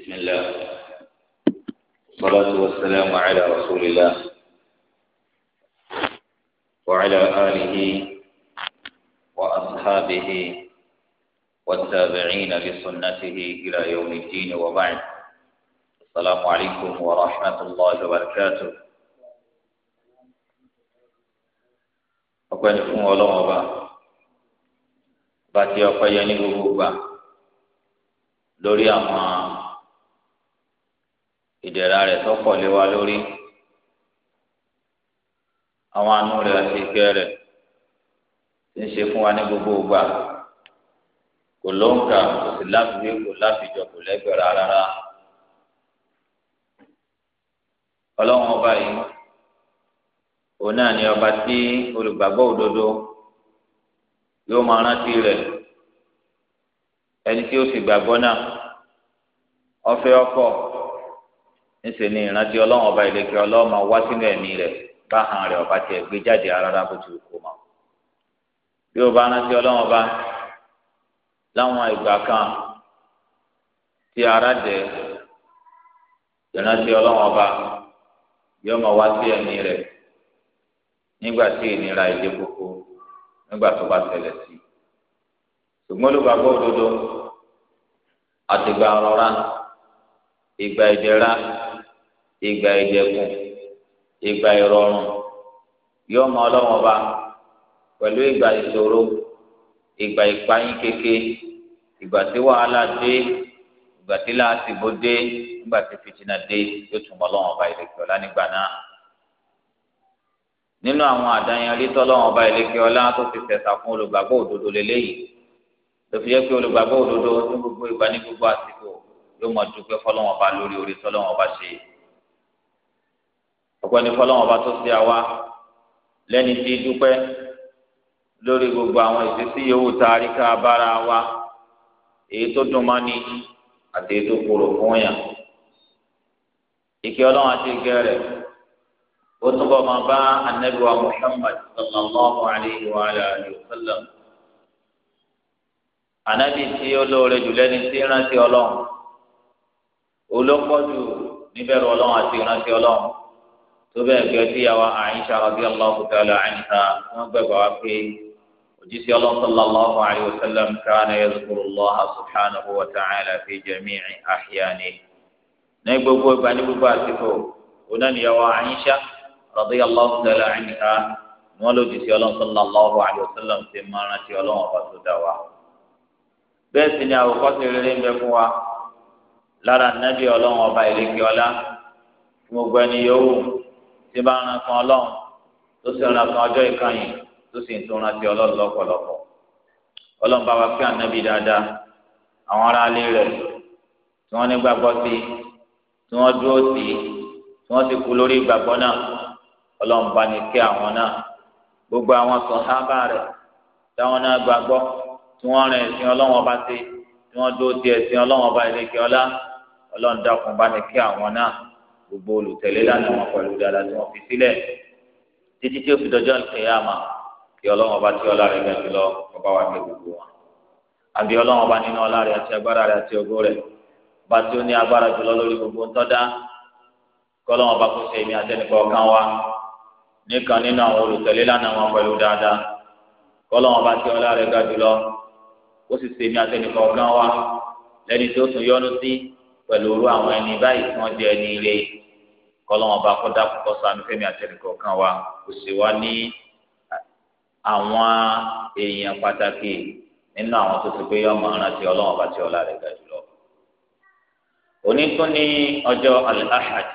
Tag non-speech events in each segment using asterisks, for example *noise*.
بسم الله والصلاة والسلام على رسول الله وعلى آله وأصحابه والتابعين بسنته إلى يوم الدين وبعد السلام عليكم ورحمة الله وبركاته أقول الله وبعد باتي أقيني بوبا لوري أمان ìdẹ̀ra rẹ̀ tọ́pọ̀ lé wa lórí àwọn àánú rẹ̀ àti ìkẹ́ rẹ̀ ti ń ṣe fún wa ní gbogbo ìgbà kò ló ń kà kò sí láfiwé kò láfijọ kò lẹ́gbẹ̀rẹ̀ rárá ọlọ́run ọba yìí òun náà ni ọba tí olùgbàgbọ́ òdodo yóò máa rántí rẹ̀ ẹni tí ó sì gbàgbọ́ náà ọfẹ́ ọkọ̀. ńṣe ni ìrántí ọlọ́run ọba ìlẹkẹ ọlọ́run máa wá sínú ẹ̀mí rẹ̀ báhàn rẹ̀ ọba tiẹ̀ gbé jáde rárá bó ti kó mọ bí o bá rántí ọlọ́run ọba láwọn ìgbà kan tí ara dẹ ìrántí ọlọ́run ọba yóò máa wá sí ẹ̀mí rẹ̀ nígbà tí ìnira ilé koko nígbà tó bá ṣẹlẹ̀ sí ṣùgbọ́n olùgbàgbọ́ òdodo àtìgbà ọ̀rọ̀ ìgbà ìgbà ìdẹ̀kùn ìgbà ìrọ̀rùn yóò mọ ọlọ́wọ́n ọba pẹ̀lú ìgbà ìṣòro ìgbà ìpayín kéke ìgbà tí wàhálà dé ìgbà tí láàtìbó dé ìgbà tí fìtínà dé yóò tún mọ ọlọ́wọ́n ọba ìlẹ̀kẹ́ ọ̀la nígbà náà nínú àwọn àdáyanrí tọ́lọ́wọ́n ọba ìlẹ̀kẹ́ ọ̀la tó ti fẹ̀sà fún olùgbàgbọ́ òdodo lélẹ́yìí lófi yẹ pé olùgbàgbọ́ òdodo ní gbogbo ìgbà ní gbogbo àsìkò yóò mọ dúpẹ́ fọlọ́wọ́n ọba lórí orí tọ́lọ́wọ́n ọba ṣe yìí ọ̀pẹ́ni fọlọ́wọn ọba tó ṣe àwa lẹ́ni tí dúpẹ́ lórí gbogbo àwọn ìṣesí yòówù tá a rí ká bára wa èyí tó dùn má ní àti èyí tó kúrò fún yàn ìkẹ́ ọlọ́run àti ìkẹ́ rẹ̀ ó túbọ̀ máa bá anabiwa muhammad sallallahu alayhi wa alayhi wa sallam anabi tí ó lóore jù lẹ́ni tí ìrántí ọlọ́run olókọ́jù níbẹ̀rù ọlọ́run àti ìrántí ọlọ́run tó bẹ́ẹ̀ gẹ́gẹ́ tí yàwá Àìṣà radiyallahu ta'ala anha wọ́n gbẹ̀gbà wá pé òjíṣẹ́ sallallahu alayhi wa sallam kana yadhkurullaha subhanahu wa ta'ala fi jami'i ahyanihi. ní gbogbo ìgbà ní gbogbo àsìkò òun náà yàwá Àìṣà radiyallahu ta'ala anha wọ́n lòdì sí sallallahu alayhi wa sallam ti máa rántí ọlọ́run ọba tó dá wa. bẹ́ẹ̀ sì ni àwòkọ́ṣe rere ń bẹ fún wa lára nábì ọlọ́run ọba ìlẹ́kẹ́ ọlá gbogbo ẹni yòówù tí bá ń ran kan ọlọ́run tó sì ń ran kan ọjọ́ ìkànnì tó sì ń tún rántí ọlọ́run lọ́pọ̀lọpọ̀ ọlọ́run bá wa pé ànábì dáadáa àwọn ará ilé rẹ̀ tí wọ́n ní gbàgbọ́ sí tí wọ́n dúró sí tí wọ́n sì kú lórí ìgbàgbọ́ náà ọlọ́run bá ní kí àwọn náà gbogbo àwọn sọ̀hábà rẹ̀ táwọn náà gbàgbọ́ tí wọ́n rìn ẹ̀sìn ọlọ́run ọba sí tí wọ́n dúró sí ẹ̀sìn ọlọ́run ọba ìlẹ̀kẹ́ ọlá ọlọ́run dákun bá ní kí àwọn náà gbogbo olùtẹ̀lé lánàá wọn pẹ̀lú dáadáa tí wọ́n fi sílẹ̀ títí tí ó fi dọjọ́ àlùkìyàmà kí ọlọ́run ọba tí ọlá rẹ̀ ga jùlọ ọba wa kẹ́ gbogbo wọn. àbí ọlọ́run ọba nínú ọlá rẹ̀ àti agbára rẹ̀ àti ògo rẹ̀ ọba tí ó ní agbára jùlọ lórí gbogbo ńtọ́dá kí ọlọ́run ọba kó ṣe èmi àtẹnìkọ́ ọ̀kan wa nìkan nínú àwọn olùtẹ̀lé lánàá wọn pẹ̀lú dáadáa kí ọlọ́run ọba tí ọlá rẹ̀ ga jùlọ ó sì ṣe èmi àtẹnìkọ́ ọ̀kan kọlọ́wọ́n bá kọ́dá kọ́ sanu fẹ́mi àtẹnukọ̀ kan wa kò sì wá ní àwọn èèyàn pàtàkì nínú àwọn tó ti gbé ọmọ rántí ọlọ́wọ́n bá ti ọlá rẹ̀ ga jùlọ. òní tún ní ọjọ́ al-ahad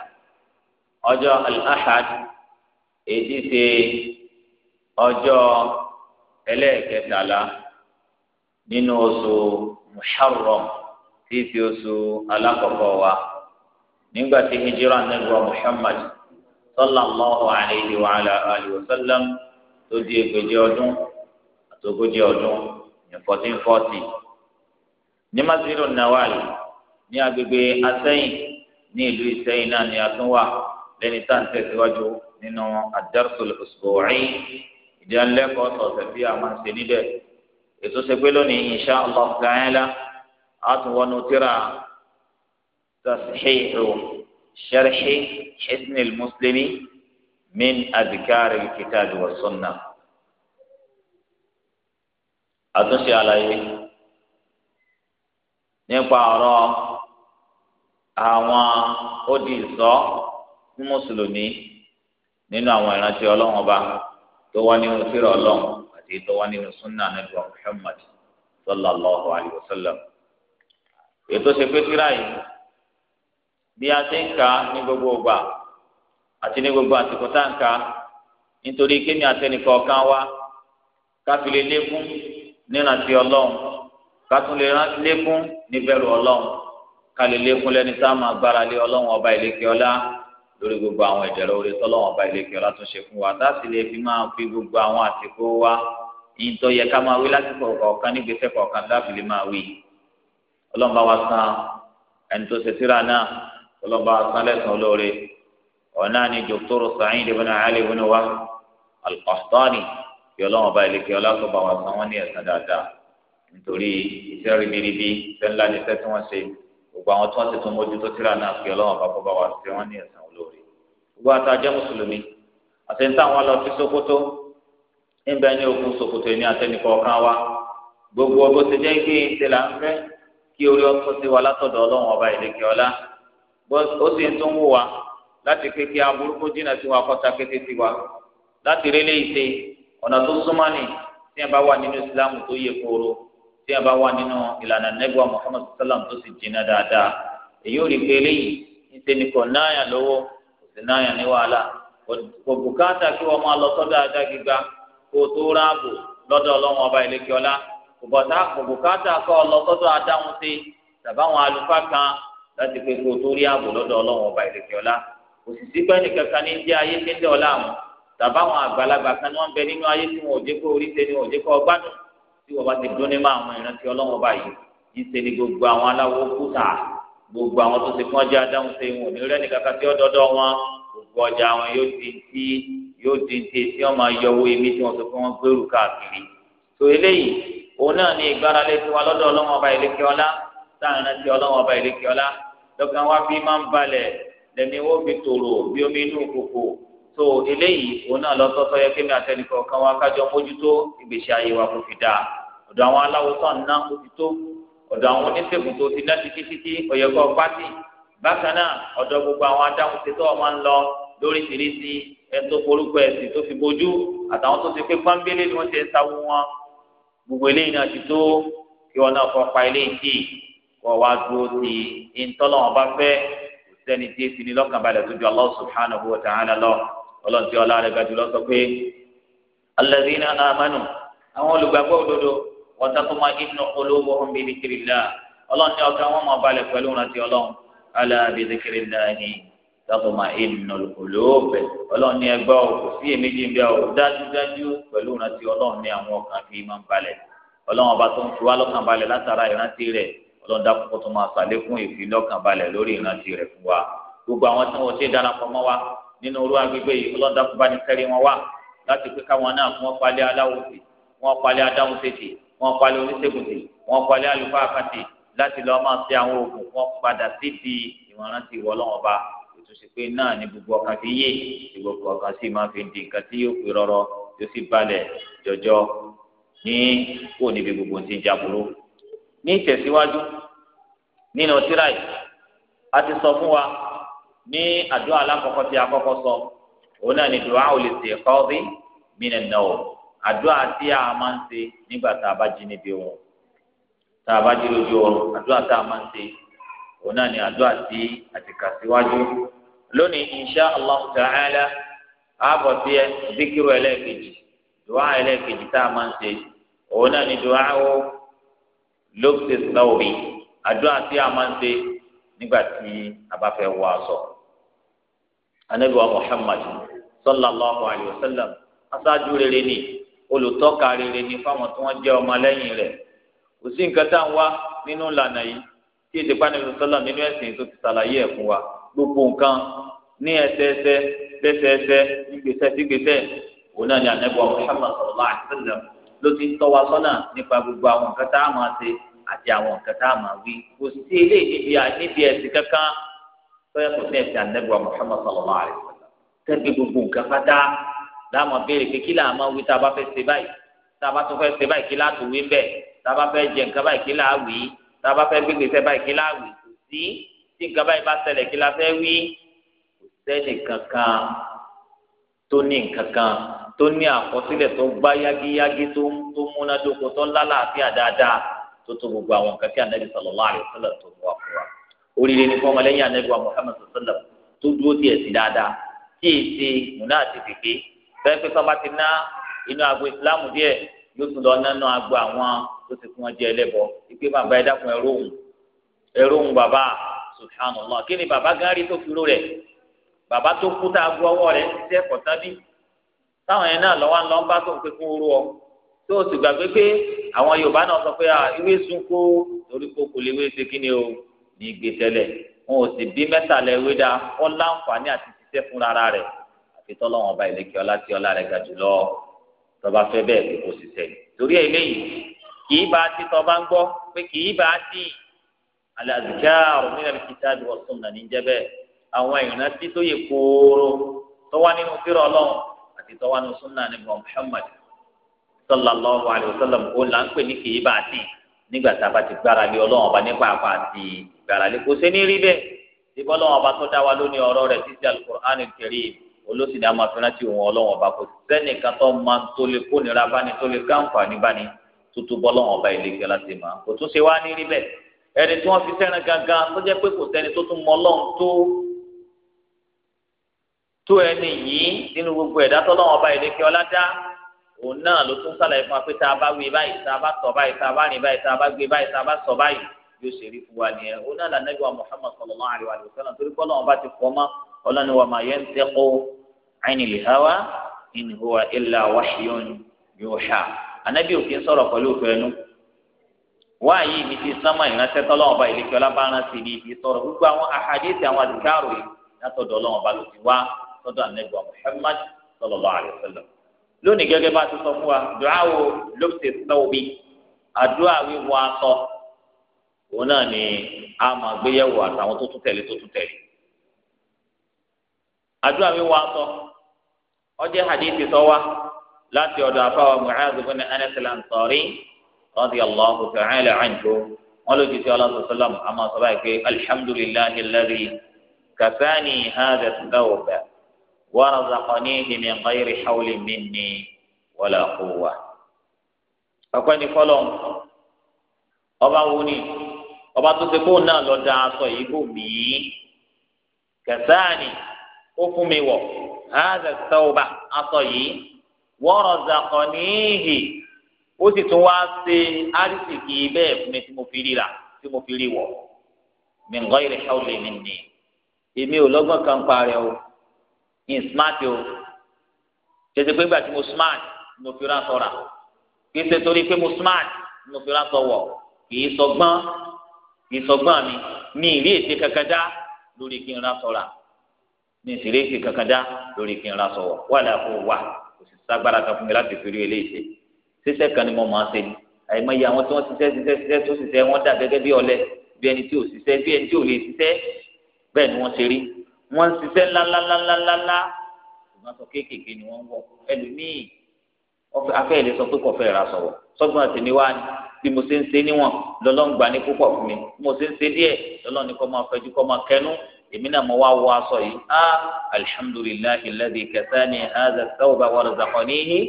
ọjọ́ al-ahad èyí ṣe ọjọ́ ẹlẹ́ẹ̀kẹtàlá nínú oṣù muharram tí oṣù alákọ̀ọ́kọ́ wa nígbà tí hijira nílùú Muhammad sallallahu alayhi wa ala alihi wa sallam tó di ẹgbẹ̀je ọdún àtògójì ọdún ní fourteen forty ní masiru nawali ní agbègbè asẹ́yìn ní ìlú ìsẹ́yìn náà ni a tún wà lẹ́ni tá à ń tẹ̀síwájú nínú ad-darsul ìdánilẹ́kọ̀ọ́ sọ̀tẹ̀ bí a máa ṣe níbẹ̀ ètò ṣe pé lónìí insha Allah a tún wọnú tíra. تصحيح شرح حسن المسلم من أذكار الكتاب والسنة àtúnṣe àlàyé nípa ọ̀rọ̀ àwọn odi ìsọ fún mùsùlùmí nínú àwọn ìrántí ọlọ́run ọba tó wá nínú tírà ọlọ́run àti tó wá nínú súnà nípa Muhammad sallallahu alayhi wa sallam ètò ṣe pé tírà yìí bí a ti ń kà á ní gbogbo ìgbà àti ní gbogbo àsìkò tá à ń kà á nítorí kémi àtẹnìkọ̀ kan wá káfi lè lékún nírántí ọlọ́run kátún lè lékún níbẹ̀rù ọlọ́run ká lè lékún lẹ́ni tá a máa gbára lé ọlọ́run ọba ìlékè ọlá lórí gbogbo àwọn ìdẹ̀rọ̀ orí tọ́lọ́wọ́n ọba ìlékè ọlá tún ṣe fún wa láti lè fi máa fi gbogbo àwọn àsìkò wa ìyìntọ́ yẹ ká máa wí lásìkò kọ̀ọ̀kan nígbésẹ̀ kọ̀ọ̀kan láti lè máa wí ọlọ́run bá wa san ẹni tó ṣe síra náà ọlọ́ba sálẹ̀sán olóore ọ̀nà ni dòkítọ́rọ̀ Sa'id ibn Ali ibn Wahb al-Qahtani kí ọlọ́wọ́n bá ilé kí ọlọ́kọ̀ọ́ba wa san wọ́n ní ẹ̀san dáadáa nítorí iṣẹ́ ribiribi iṣẹ́ ńlá ni iṣẹ́ tí wọ́n ṣe gbogbo àwọn tí wọ́n ti tún mójútó tíra náà kí ọlọ́wọ́n bá kọ́ba wa ṣe wọ́n ní ẹ̀san olóore gbogbo àtàjẹ́ mùsùlùmí àtẹnitáwọn lọ sí Sokoto níbẹ̀ ní okùn Sokoto ní àtẹnikọ̀ọ̀kan wa gbogbo ọgbó ti jẹ́ pé ìṣẹ̀lẹ̀ à ń fẹ́ kí orí ọkọ̀ sí wa látọ̀dọ̀ ọlọ́wọ́n ọba ìlẹ̀kẹ́ ó sì ń tún wò wá láti kékeré aburúkú jìnnà sí wa kọta kété sí wa láti rí ṣe ọ̀nà tó súnmọ́ ni tí a bá wà nínú ìsìlámù tó yẹ kóró tí a bá wà nínú ìlànà nẹ́gbà muhammadu sallam tó sì jìnnà dáadáa èyí ò rí pé ṣe kò náyà lówó kò sì náyà ní wàhálà kò bùkátà kí máa ọba kò bùkátà ọ lọ láti pé kó o tó rí ààbò lọ́dọ̀ ọlọ́run ọba ìrèké ọlá òṣìṣẹ́ pẹ́ẹ́nì kankan ní jẹ́ ayé tí ń dẹ̀ ọlá àwọn tàbá àwọn àgbàlagbà kan ní wọ́n bẹ nínú ayé tí wọn ò jẹ́ kó orí ṣe ni wọn ò jẹ́ kó ọgbádùn tí wọ́n bá ti dún ní àwọn ìrántí ọlọ́run ọba yìí ìṣe ni gbogbo àwọn aláwo kùtà gbogbo àwọn tó ti fún ọjà dáhùn ṣe wọn ò ní rẹ́ni kankan tí ó wọn gbogbo ọjà wọn yóò di ti yóò di ti tí wọn máa yọ owó èmi tí wọn sọ pé wọn gbèrú káàkiri tó eléyìí òun náà ni ìgbáralé tiwa lọ́dọ̀ ọlọ́run ọba ìlẹ́kẹ́ ọlá táwọn àti ọlọ́wọ́n ọba ìlẹ́kẹ́ ọlá lọ́kàn wá bí máa ń balẹ̀ lẹ́ni wọ́n fi tòrò bí omi inú kòkò tó eléyìí òun náà lọ sọ́sọ́ yẹ kémi àtẹnìkọ̀ kan wá kájọ mójútó ìgbésí ayé wa kò fi dáa ọ̀dọ̀ àwọn aláwo tán ná kó ti tó ọ̀dọ̀ àwọn oníṣègùn tó ti ná títí ọ̀yẹ̀kọ́ pátì bákan náà ọ̀dọ̀ gbogbo àwọn adáhùn ṣe tó ọmọ ń lọ lóríṣiríṣi ẹtọ forúkọ ẹsìn tó fi bójú àtàwọn tó ti pé pọ́nbélé ni wọ́n ti ń sáwó wọn gbogbo eléyìí náà ti tó kí wọn náà fọ́ pa eléyìí wọ́n wá dúró ti ìtọ́lọ́ wọn bá fẹ́ sẹ́ni tí èsì ni lọ́kàn balẹ̀ tó ju Allah subhanahu wa ta'ala lọ ọlọ́run tí ọlá rẹ̀ ga jùlọ sọ pé alladhina amanu àwọn olùgbàgbọ́ òdodo wa tatma'innu qulubuhum bi dhikrillah ọlọ́run ní ọkàn wọn máa balẹ̀ pẹ̀lú rántí ọlọ́run ala bi dhikrillahi tatma'innul qulub ọlọ́run ní ẹgbẹ́ ò kò sí èméjì ń bẹ́ dájúdájú pẹ̀lú rántí ọlọ́run ní àwọn ọkàn fi máa balẹ̀ ọlọ́run ọba tó ń fi wá lọ́kàn balẹ̀ látara ìrántí rẹ̀ ọlọ́dà kọ́kọ́ tó máa ṣàlékún ìfilọ́kànbalẹ̀ lórí ìrántí rẹ̀ fún wa gbogbo àwọn tí wọ́n ṣe darapọ̀ mọ́ wa nínú orú agbègbè yìí ọlọ́dà kó bá ní kẹ́rì wọn wá láti pé káwọn náà fún wọn palẹ̀ aláwòsì wọn palẹ̀ adáhùnsètì wọn palẹ̀ oníṣègùntì wọn palẹ̀ àlùfáà àkàtì láti lọ́ọ́ máa ṣe àwọn oògùn wọn padà síbi ìrántí ìwọlọ́wọ́n ba ìtúnṣe pé náà ní gbogbo ọkàn fi yé gbogbo ọkàn sì máa fi di nǹkan tí ní ìtẹ̀síwájú nínú tírà yìí a ti sọ fún wa ní àdúrà alákọ̀ọ́kọ́ tí a kọ́kọ́ sọ òun náà ni dùrọ̀ àwọn olùsè kọ́ọ̀bí mìíràn náà àdúrà tí a máa ń ṣe nígbà tá a bá jí níbi òun tá a bá jí lójú oorun àdúrà tá a máa ń ṣe òun náà ni àdúrà tí a ti kà síwájú lónìí insha allah ta'ala ààbọ̀ sí ẹ zikiru ẹlẹ́ẹ̀kejì dùrọ̀ ẹlẹ́ẹ̀kejì tá a máa ń ṣe òun náà ni dùrọ̀ àwọn lókè sáwòrì àdúrà tí a máa ń ṣe nígbà tí a bá fẹ́ wọ aṣọ. anabi muhammad sallallahu alayhi wa sallam aṣáájú rere ni olùtọ́ka rere ni fáwọn tí wọ́n jẹ́ ọmọlẹ́yìn rẹ̀ kò sí nǹkan tá à ń wá nínú ìlànà yìí tí ètò ìpánìyàn sọlá nínú ẹ̀sìn tó ti ṣàlàyé ẹ̀ fún wa gbogbo nǹkan ní ẹsẹẹsẹ lẹsẹẹsẹ nígbèsẹ sígbèsẹ òun náà ni anabi muhammad sallallahu alayhi wa sallam ló ti tọ́ wa sọ́nà nípa gbogbo àwọn nǹkan tá a máa ṣe àti àwọn nǹkan tá a máa wí kò sí eléyìí níbi ẹ̀sìn kankan lọ́yà kò sí ẹ̀sìn anẹ́gbà Muhammad sallallahu alayhi wa sallam tẹ́gbẹ́ gbogbo nǹkan pátá láàmú béèrè pé kí là á máa wí tá a bá fẹ́ ṣe báyìí tá a bá tún fẹ́ ṣe báyìí kí là á tún wí bẹ́ẹ̀ tá a bá fẹ́ jẹ nǹkan báyìí kí là á wí tá a bá fẹ́ gbégbé fẹ́ báyìí kí là á wí kò sí tí nǹkan báyìí bá ṣẹlẹ̀ kí là á wí kò sẹ́ni kankan tó ní nǹkankan tó ní àkọsílẹ̀ tó gbá yágíyágí tó múnádóko tó lálàáfíà dáadáa tó tó gbogbo àwọn nǹkan tí anabi sallallahu alaihi wasallam tó mú wa fún wa oríire ní fọmọ lẹ́yìn anabi wa muhammad sallallahu tó dúró tí ẹsìn dáadáa tí èsì múná àti fèké fẹẹ pé sọba ti ná inú agbo ìsìlámù díẹ̀ yóò tún lọ nánú agbo àwọn tó ti fún wọn jẹ ẹlẹ́bọ ìpè bàbá ẹdákun ẹrú òun ẹrú òun bàbá subhanallah kí ni bàbá gan rí tó fi ró rẹ bàbá tó kú tá a gbọ́ ọwọ́ rẹ ti tẹ ẹkọ tábí táwọn yẹn náà lọ wá ń lọ ń bá tó ń pé fún orú ọ tó o sì gbàgbé pé àwọn yorùbá náà sọ pé ìwé sunko torí kó kò lè wé ṣe kí ni o ní gbé tẹ́lẹ̀ wọn ò sì bí mẹ́tàlá ìwé dá wọn láǹfààní àti ṣiṣẹ́ fún rárá rẹ̀ àfi tọ́lọ́wọ́n ọba ìlẹ́kẹ́ ọlá tí ọlá rẹ̀ ga jùlọ tọba fẹ́ bẹ́ẹ̀ pé kò sì tẹ̀ torí ẹ̀ léyìí kì í bá a ti tọba ń gbọ́ pé kì í bá a ti alazikaaru nínú alikitaabi wa sunna ní jẹ́bẹ̀ àwọn ìrántí tó yẹ kóró tọ́wá nínú fírọ̀ muhammad sallallahu alayhi wa sallam òun là ń pè ní kìí bá a ti nígbà tá a bá ti gbára lé ọlọ́run ọba nípa àpá àti gbára lé kò sí ní rí bẹ́ẹ̀ ìbọn ọlọ́run ọba tó dá wa lónìí ọ̀rọ̀ rẹ̀ títí alukur'an karim olóṣì dá máa fẹ́ràn tí òun ọlọ́run ọba kò sẹ́nìkan tó máa tó lè kó nira báni tó lè káǹfààní báni tuntun bọ́lọ́run ọba ilé ìfẹ́ láti mọ̀ kò tún ṣe wá ní rí bẹ́ẹ̀ ẹni tí wọ́n fi sẹ́ràn gangan tó jẹ́ pé kò sẹ́ni tó tún mọ ọlọ́run tó tó ẹni yìí nínú gbogbo ẹ̀dá tọ́lọ́run ọba ilé ìfẹ́ ọlá dá òun náà ló tún sàlàyé fún wa pé tá a bá wí báyìí tá a bá tọ̀ báyìí tá a bá rìn báyìí tá a bá gbé báyìí tá a bá sọ báyìí yóò ṣe rí fún wa nìyẹn òun náà lànà ìwà Muhammad sallallahu alaihi wa sallam torí kọ́ lọ́wọ́ bá ti fọ́ mọ́ ọlọ́ni wa ma yantiqu anil hawa in huwa illa wahyun yuha ànábì òfin sọ̀rọ̀ pẹ̀lú òfẹ́nu wáyé sọ̀rọ̀ gbogbo àwọn àhàdíìsì lónìí gẹ́gẹ́ bá ti sọ fún wa dùá wo ló ti sọ bí àdúrà wíwọ aṣọ òun náà ni a máa gbéyẹ̀wò àtàwọn tó tún tẹ̀lé tó tún tẹ̀lé àdúrà wíwọ aṣọ ọjẹ́ hadithi sọ wa láti ọ̀dọ̀ afáwa Mu'adh bin Anas al-Ansari radiyallahu ta'ala anhu wọn ló ti sọ ọlọ́sọ sọlọ́m àmọ́ sọ báyìí pé alhamdulillahi alladhi kàfáàní hàdà sọ́wọ́ bẹ́ẹ̀ warazaqanihi min ghayri hawlin minni wala quwwa. ọpẹ́ ní fọlọ́ ọba wo ni ọba tó ṣe fóun náà lọ da aṣọ yìí bò mí kẹsàn-án ni ó fún mi wọ̀ hàzà tọ́wọ́bà aṣọ yìí warazaqanihi ó sì tún wá ṣe àrísìkì bẹ́ẹ̀ fún mi tí mo fi rí rà tí mo fi rí wọ̀ min ghayri hawlin minni èmi ò lọ́gbọ́n kan parẹ́ o in smart o kese pé gbàtí mo smart mo fi ra sọra kese torí pé mo smart mo fi ra sọwọ kìí sọgbọ́n kìí sọgbọ́n mi ní ìrí ète kankan lórí kí n ra sọra ní ìṣeré ète kankan lórí kí n ra sọwọ wà láàbò wà kò sì sagbára kan fún mi láti fi rí eléyìí ṣe ṣíṣe kan ni mo máa ń ṣe ni àìmọye àwọn tí wọ́n ṣiṣẹ́ ṣiṣẹ́ ṣiṣẹ́ tó ṣiṣẹ́ wọ́n dà gẹ́gẹ́ bí ọ̀lẹ bí ẹni tí ò ṣiṣẹ́ bí ẹni tí ò lè ṣiṣẹ́ bẹ́ẹ̀ ni wọ́n ṣe rí wọ́n ń ṣiṣẹ́ ńláńláńláńláńlá ṣùgbọ́n sọ kéékèèké ni wọ́n ń wọ ẹlòmíì afẹ́ ìlẹ̀ sọ pé kò fẹ́ ra sọ̀wọ́ sọ́gbọ́n àti níwá ni bí mo ṣe ń ṣe níwọ̀n lọ́lọ́run ní púpọ̀ fún mi mo ṣe ń ṣe díẹ̀ lọ́lọ́run ní máa fẹjú kó máa kẹnu èmi náà mo wá wọ aṣọ yìí á alhamdulillahi alladhi kasani hadha thawba wa razaqanihi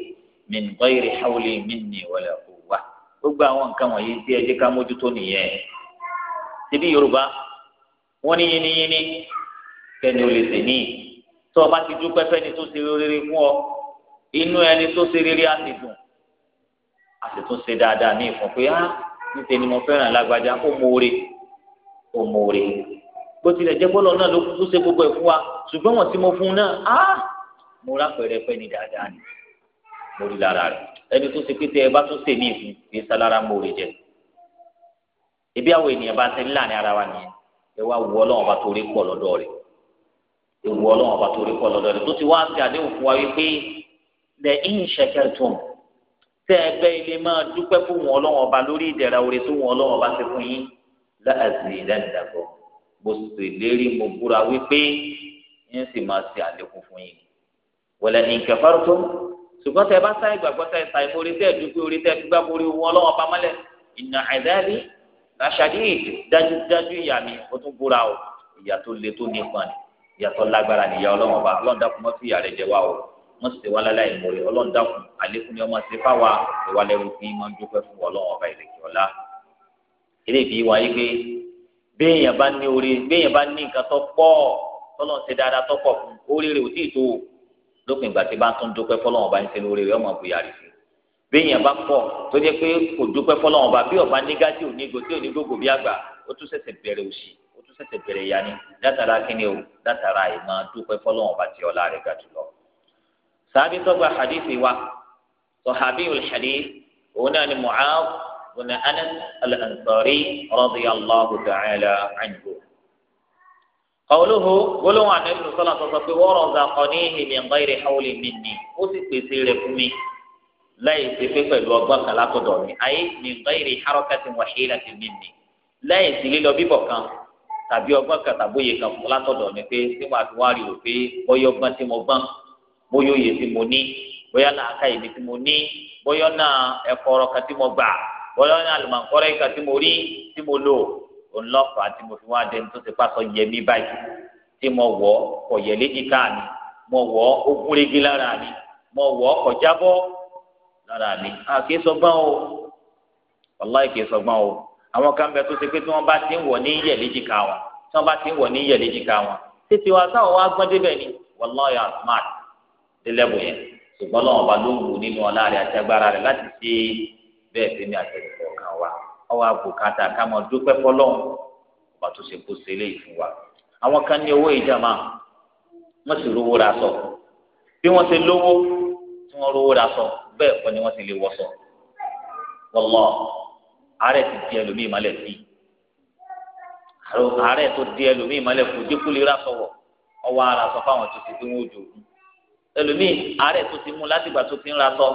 min ghayri hawli minni wala quwwa gbogbo àwọn nǹkan wọ̀nyí tí ẹ ká mójútó nìyẹn. ṣebí yorùbá wọ́n ní yínníyínní kẹ́ni ó lè tè ní tó o bá ti dúpẹ́ fẹ́ni tó ṣe rere fún ọ inú ẹni tó ṣe rere á ti dùn á sì tún ṣe dáadáa ní ìfún pé á ah, níta ni mo fẹ́ràn lágbájá ó mọ̀ọ́re ó mọ̀ọ́re bó tilẹ̀ jẹ́ bọ́lọ̀ náà ló kú ṣe gbogbo ẹ̀ fún wa ṣùgbọ́n wọn tí mo fún un náà á ah, mo rà pẹ̀rẹ̀ pẹ́ ni dáadáa ni mo rí lára rẹ̀ ẹni tó ṣe pé tẹ ẹ bá tún ṣe ní ìfún kì í sálára mọ̀ọ́re jẹ ebi àwọn ènìyàn bá ṣe ńlá ní ara wa nìyẹn ẹ wá wọ ọlọ́run bá torí pọ̀ lọ́dọ̀ rẹ̀ ewu ọlọ́run ọba torí pọ̀ lọ́dọ̀ rẹ̀ tó ti wá sí àdéhùn fún wa wípé lẹ̀ ń ṣẹ̀kẹ́ tún tẹ́ ẹ bẹ́ ilé máa dúpẹ́ fún wọn ọlọ́run ọba lórí ìdẹ̀ra oore tó wọn ọlọ́run ọba ti fún yín láàzì ìdánidàgbọ́ mo sì lérí mo búra wípé yín sì máa ṣe àlékún fún yín wọlé ìkẹfàrú tó ṣùgbọ́n tẹ́ ẹ bá sáyé gbàgbọ́ sáyé sáyé mo rí tẹ́ dúpẹ́ orí tẹ́ ẹ mo rí wọn ọlọ́run ọba ìnà àìdáàbí àṣàdí dájúdájú ìyá mi tún búra o ìyá tó le tó nípa ni ìyàtọ̀ lágbára nìyà ọlọ́wọ́n bá ọlọ́run dákun mọ́ sí ààrẹ jẹ wa o wọ́n sì wá láláì mọ̀rẹ́ ọlọ́run dákun àlékún ni ọmọ ṣe fáwa ìwà lẹ́rú fi máa ń dúpẹ́ fún ọlọ́run ọba ìrèké ọ̀la. eré ìbí wa yí pé béèyàn bá ní orí béèyàn bá ní nǹkan tó pọ̀ tọ́lọ́run ṣe dáadáa tó pọ̀ fún orí rẹ̀ ò tí ì tó lópin ìgbà tí bá tún dúpẹ́ fọlọ́run ọba ń ṣẹ̀ṣẹ̀ bẹ̀rẹ̀ ya ni látara kíni o látara ìmọ̀ dúpẹ́ fọlọ́wọ́n bá ti ọlá rẹ̀ ga jùlọ. sàbí tọ́gbà hadith wa sọ̀hábí al-hadith òun náà ni Mu'adh ibn Anas al-Ansari radiyallahu ta'ala anhu. qawluhu gbólóhùn ànábì sọ́lá sọ́sọ́ pé wa razaqanihi min ghayri hawlin minni ó sì pèsè rẹ̀ fún mi láì ṣe pẹ̀lú ọgbọ́n kan látọ̀dọ̀ mi ayé min ghayri harakatin wa hilatin minni láì sí lílọ bíbọ̀ kan tàbí ọgbọ́n kan tàbóyè kan fún látọ̀dọ̀ mi pé nígbà tí wàá rí o pé bóyá ọgbọ́n tí mo gbọ́n bóyá òye tí mo ní bóyá làákà èmi tí mo ní bóyá náà ẹ̀kọ́ ọ̀rọ̀ kan tí mo gbà bóyá náà àlùmọ̀kọ́rẹ́ kan tí mo rí tí mo lò ńlọ́fà tí mo fi wá dẹni tó ti pàṣọ yẹ mí báyìí tí mo wọ̀ kọ̀ yẹ léjìká mi mo wọ̀ ogún régé lára mi mo wọ̀ kọ̀ jábọ́ lára mi àkè sọgbọ́n o àwọn kan bẹ tó ṣe pé tí wọ́n bá ti ń wọ̀ ní yẹ̀lẹ́jìká wọn tí wọ́n bá ti ń wọ̀ ní yẹ̀lẹ́jìká wọn títí wa táwọn wá gbọ́n débẹ̀ ni wàlláyà smart lélẹ́bù yẹn ṣùgbọ́n lọ́wọ́ bá ló wù nínú ọlá rẹ̀ àti agbára rẹ̀ láti ṣe bẹ́ẹ̀ fẹ́mi àtẹnukọ̀ kan wa ọwọ́ àbùkátà ká mọ̀ dúpẹ́ fọlọ́hún ọba tó ṣe kó ṣe eléyìí fún wa àwọn kan ní owó ìjàmà wọ́n sì rówó ra sọ bí wọ́n ṣe lówó tí wọ́n rówó ra sọ bẹ́ẹ̀ kọ́ ni wọ́n ti lè wọ́ sọ wọ́lọ́ọ̀ àárẹ̀ ti di ẹlòmíì mọ́lẹ̀ sí i tó di ẹlòmíì mọ́lẹ̀ kò dínkù lè ra ara sọ fáwọn tó ti fi wọ́n jòògùn ẹlòmíì àárẹ̀ tó ti mú látìgbà tó ti ń ra sọ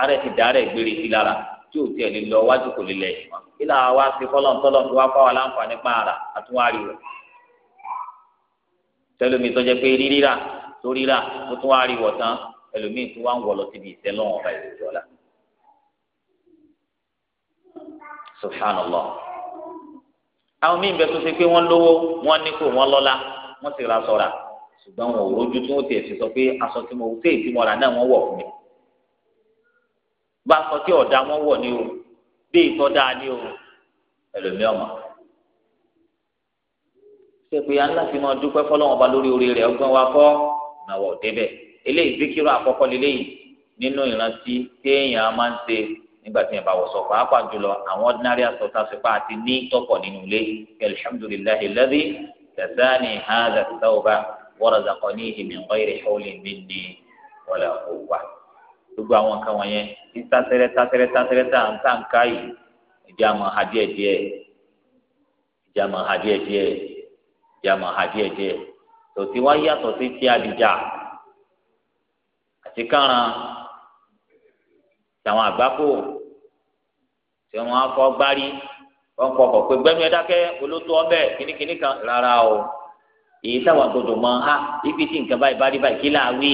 àárẹ̀ ti dàárẹ̀ gbére sí lára tí ò tiẹ̀ lè lọ wájú kò lè lẹ̀ ẹ̀yìn wọn kí là wá sí fọlọ́n tọ́lọ́n tó wá fọ́ wa láǹfààní pa ara àtúwárí rẹ̀ tẹlómìí tó jẹ́ pé rírà tó rírà tó tún wá rí wọ̀ tán ẹlòmíì tó wá ń wọ̀ lọ síbi ìtẹ́lọ́wọ̀n ọba ìròyìn subhanallah àwọn míì bẹ tó ṣe pé wọ́n lówó wọ́n nípò wọ́n lọ́lá wọ́n sì ra sọ̀ra ṣùgbọ́n wọn ò rójú tí wọ́n tiẹ̀ ti sọ pé aṣọ tí mo wù téè tí mo rà náà wọ́n wọ̀ fún mi bá aṣọ tí ọ̀dà wọn wọ̀ ni o bí ìtọ́ dáa ni o ẹlòmíì ọmọ ṣe pé aláfi máa dúpẹ́ fọlọ́wọn ọba lórí orí rẹ̀ ọgbọ́n wa kọ́ ìnáwó débẹ̀ eléyìí zikiru àkọ́kọ́ lélẹ́yìí nínú ìrántí téèyàn máa ń ṣe nígbà tí yẹn bá wọṣọ pàápàá jùlọ àwọn ordinary aṣọ tàṣípà àti ní tọpọ nínú ilé alhamdulilayi lẹbi tẹsánì hàdà tẹwọba wọrọdàkọ ní ìmìnkọ ìrè hàwlẹ minni wala quwwa gbogbo àwọn nǹkan wọ̀nyẹn ní tásẹrẹ tásẹrẹ tásẹrẹ tá à ń tà ń ká yìí ìjà mọ ha díẹ̀ díẹ̀ ìjà mọ ha díẹ̀ díẹ̀ ìjà mọ ha díẹ̀ díẹ̀ tòtí wá yàtọ̀ sí tí àti kárán tàwọn àgbákò tí wọn á fọ gbárí wọn kọ ọkọ pé gbẹmí ẹdákẹ́ olótó ọbẹ kínníkínní kan rárá o èyí táwọn gbọ́dọ̀ máa ha ibi tí nǹkan báyìí bá rí báyìí kí láàwí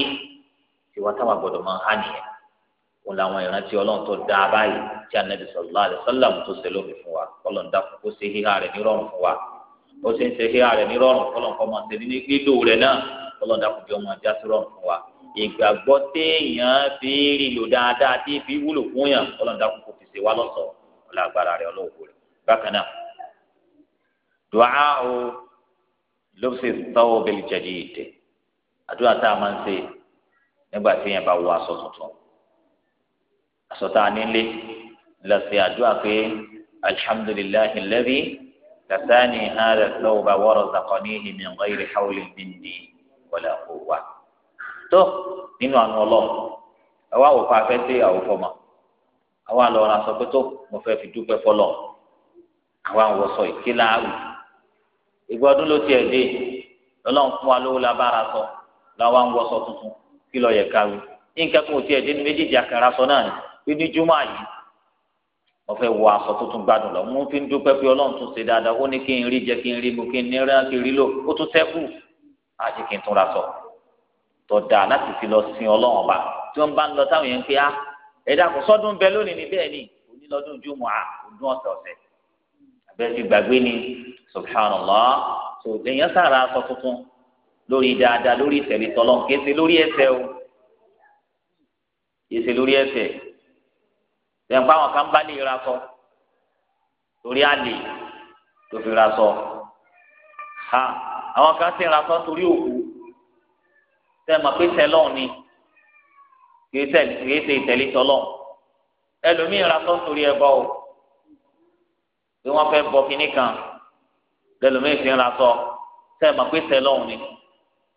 tiwa táwọn gbọ́dọ̀ máa ha nìyẹn wọn làwọn ìrántí Ọlọ́run tó dáa báyìí tí anabi sallallahu alaihi wasallam tó ṣe lómi fún wa Ọlọ́run dákú kó ṣe híhá rẹ̀ nírọ̀rùn fún wa ó ṣe ń ṣe híhá rẹ̀ nírọ̀rùn Ọlọ́run kọ máa ṣe nínú gbígbó rẹ̀ náà Ọlọ́run dákú bí ọmọ ajá sí rọ̀rùn fún wa ìgbàgbọ́ téèyàn fi ń rí lò dáadáa tí fi wúlò fún yàn ọlọ́run dákun kò fi ṣe wá lọ́sọ̀ọ́ ọlọ́gbàrà rẹ̀ ọlọ́wọ́ rẹ̀ bákan náà dùá o ló ṣe tọ́wọ́ bẹ́ẹ̀ jẹ́jẹ́ ìdè àdúrà tá a máa ń ṣe nígbà tí yẹn bá wọ aṣọ tuntun aṣọ nílé lọ sí àdúrà pé alhamdulillahi alladhi kasani hadha thawba wa razaqanihi min ghayri hawlin minni wala quwwah tó nínú àánú ọlọ́run àwa àwòkọ afẹ́ sí àwòkọ mọ́ àwa lọ́ọ́ ra sọ pé tó mo fẹ́ fi dúpẹ́ fọlọ́ àwa ń wọṣọ ìkílá àwì ìgbà ọdún ló tiẹ̀ dé lọ́lọ́run fún wa lówó labára sọ làwa ń wọṣọ tuntun kí lọ́ọ́ yẹ káwé nǹkan kò tiẹ̀ dé ní méjèèjì àkàrà sọ náà ní ní júmọ́ àyè wọ́n fẹ́ wọ aṣọ tuntun gbádùn lọ mo fi ń dúpẹ́ pé ọlọ́run tún ṣe dáadáa ó ní kí n rí jẹ kí n rí mu kí n ní rán kí n rí lò ó tún sẹ́kù àti kí n tún ra sọ tọ̀dà láti fi lọ sin ọlọ́run ọba tí wọ́n bá ń lọ táwọn yẹn ń pé á ah, ẹ̀dá kò sọ́dún bẹ lónìí ní bẹ́ẹ̀ ni onílọ́dún jùmọ̀ à ọdún ọ̀sẹ̀ ọ̀sẹ̀ abẹ́rẹ́ ti gbàgbé ni subhanallah tó èèyàn sára aṣọ tuntun lórí dáadáa lórí ìtẹ̀lé tọ́lọ́n kése lórí ẹsẹ̀ o kése lórí ẹsẹ̀ tẹ̀m̀pá àwọn kan bá lè ra sọ torí àlè tó fi ra sọ ha àwọn kan sì ra sọ torí òkú tẹ ma pé tẹlọ ni kì í tẹlẹ kì í tẹ ìtẹlẹ tọlọ ẹlòmíì ra tó nítorí ẹ bọ o bí wọn fẹ́ bọ kínní kan ẹlòmíì fi ra tọ tẹ ma pé tẹlọ ni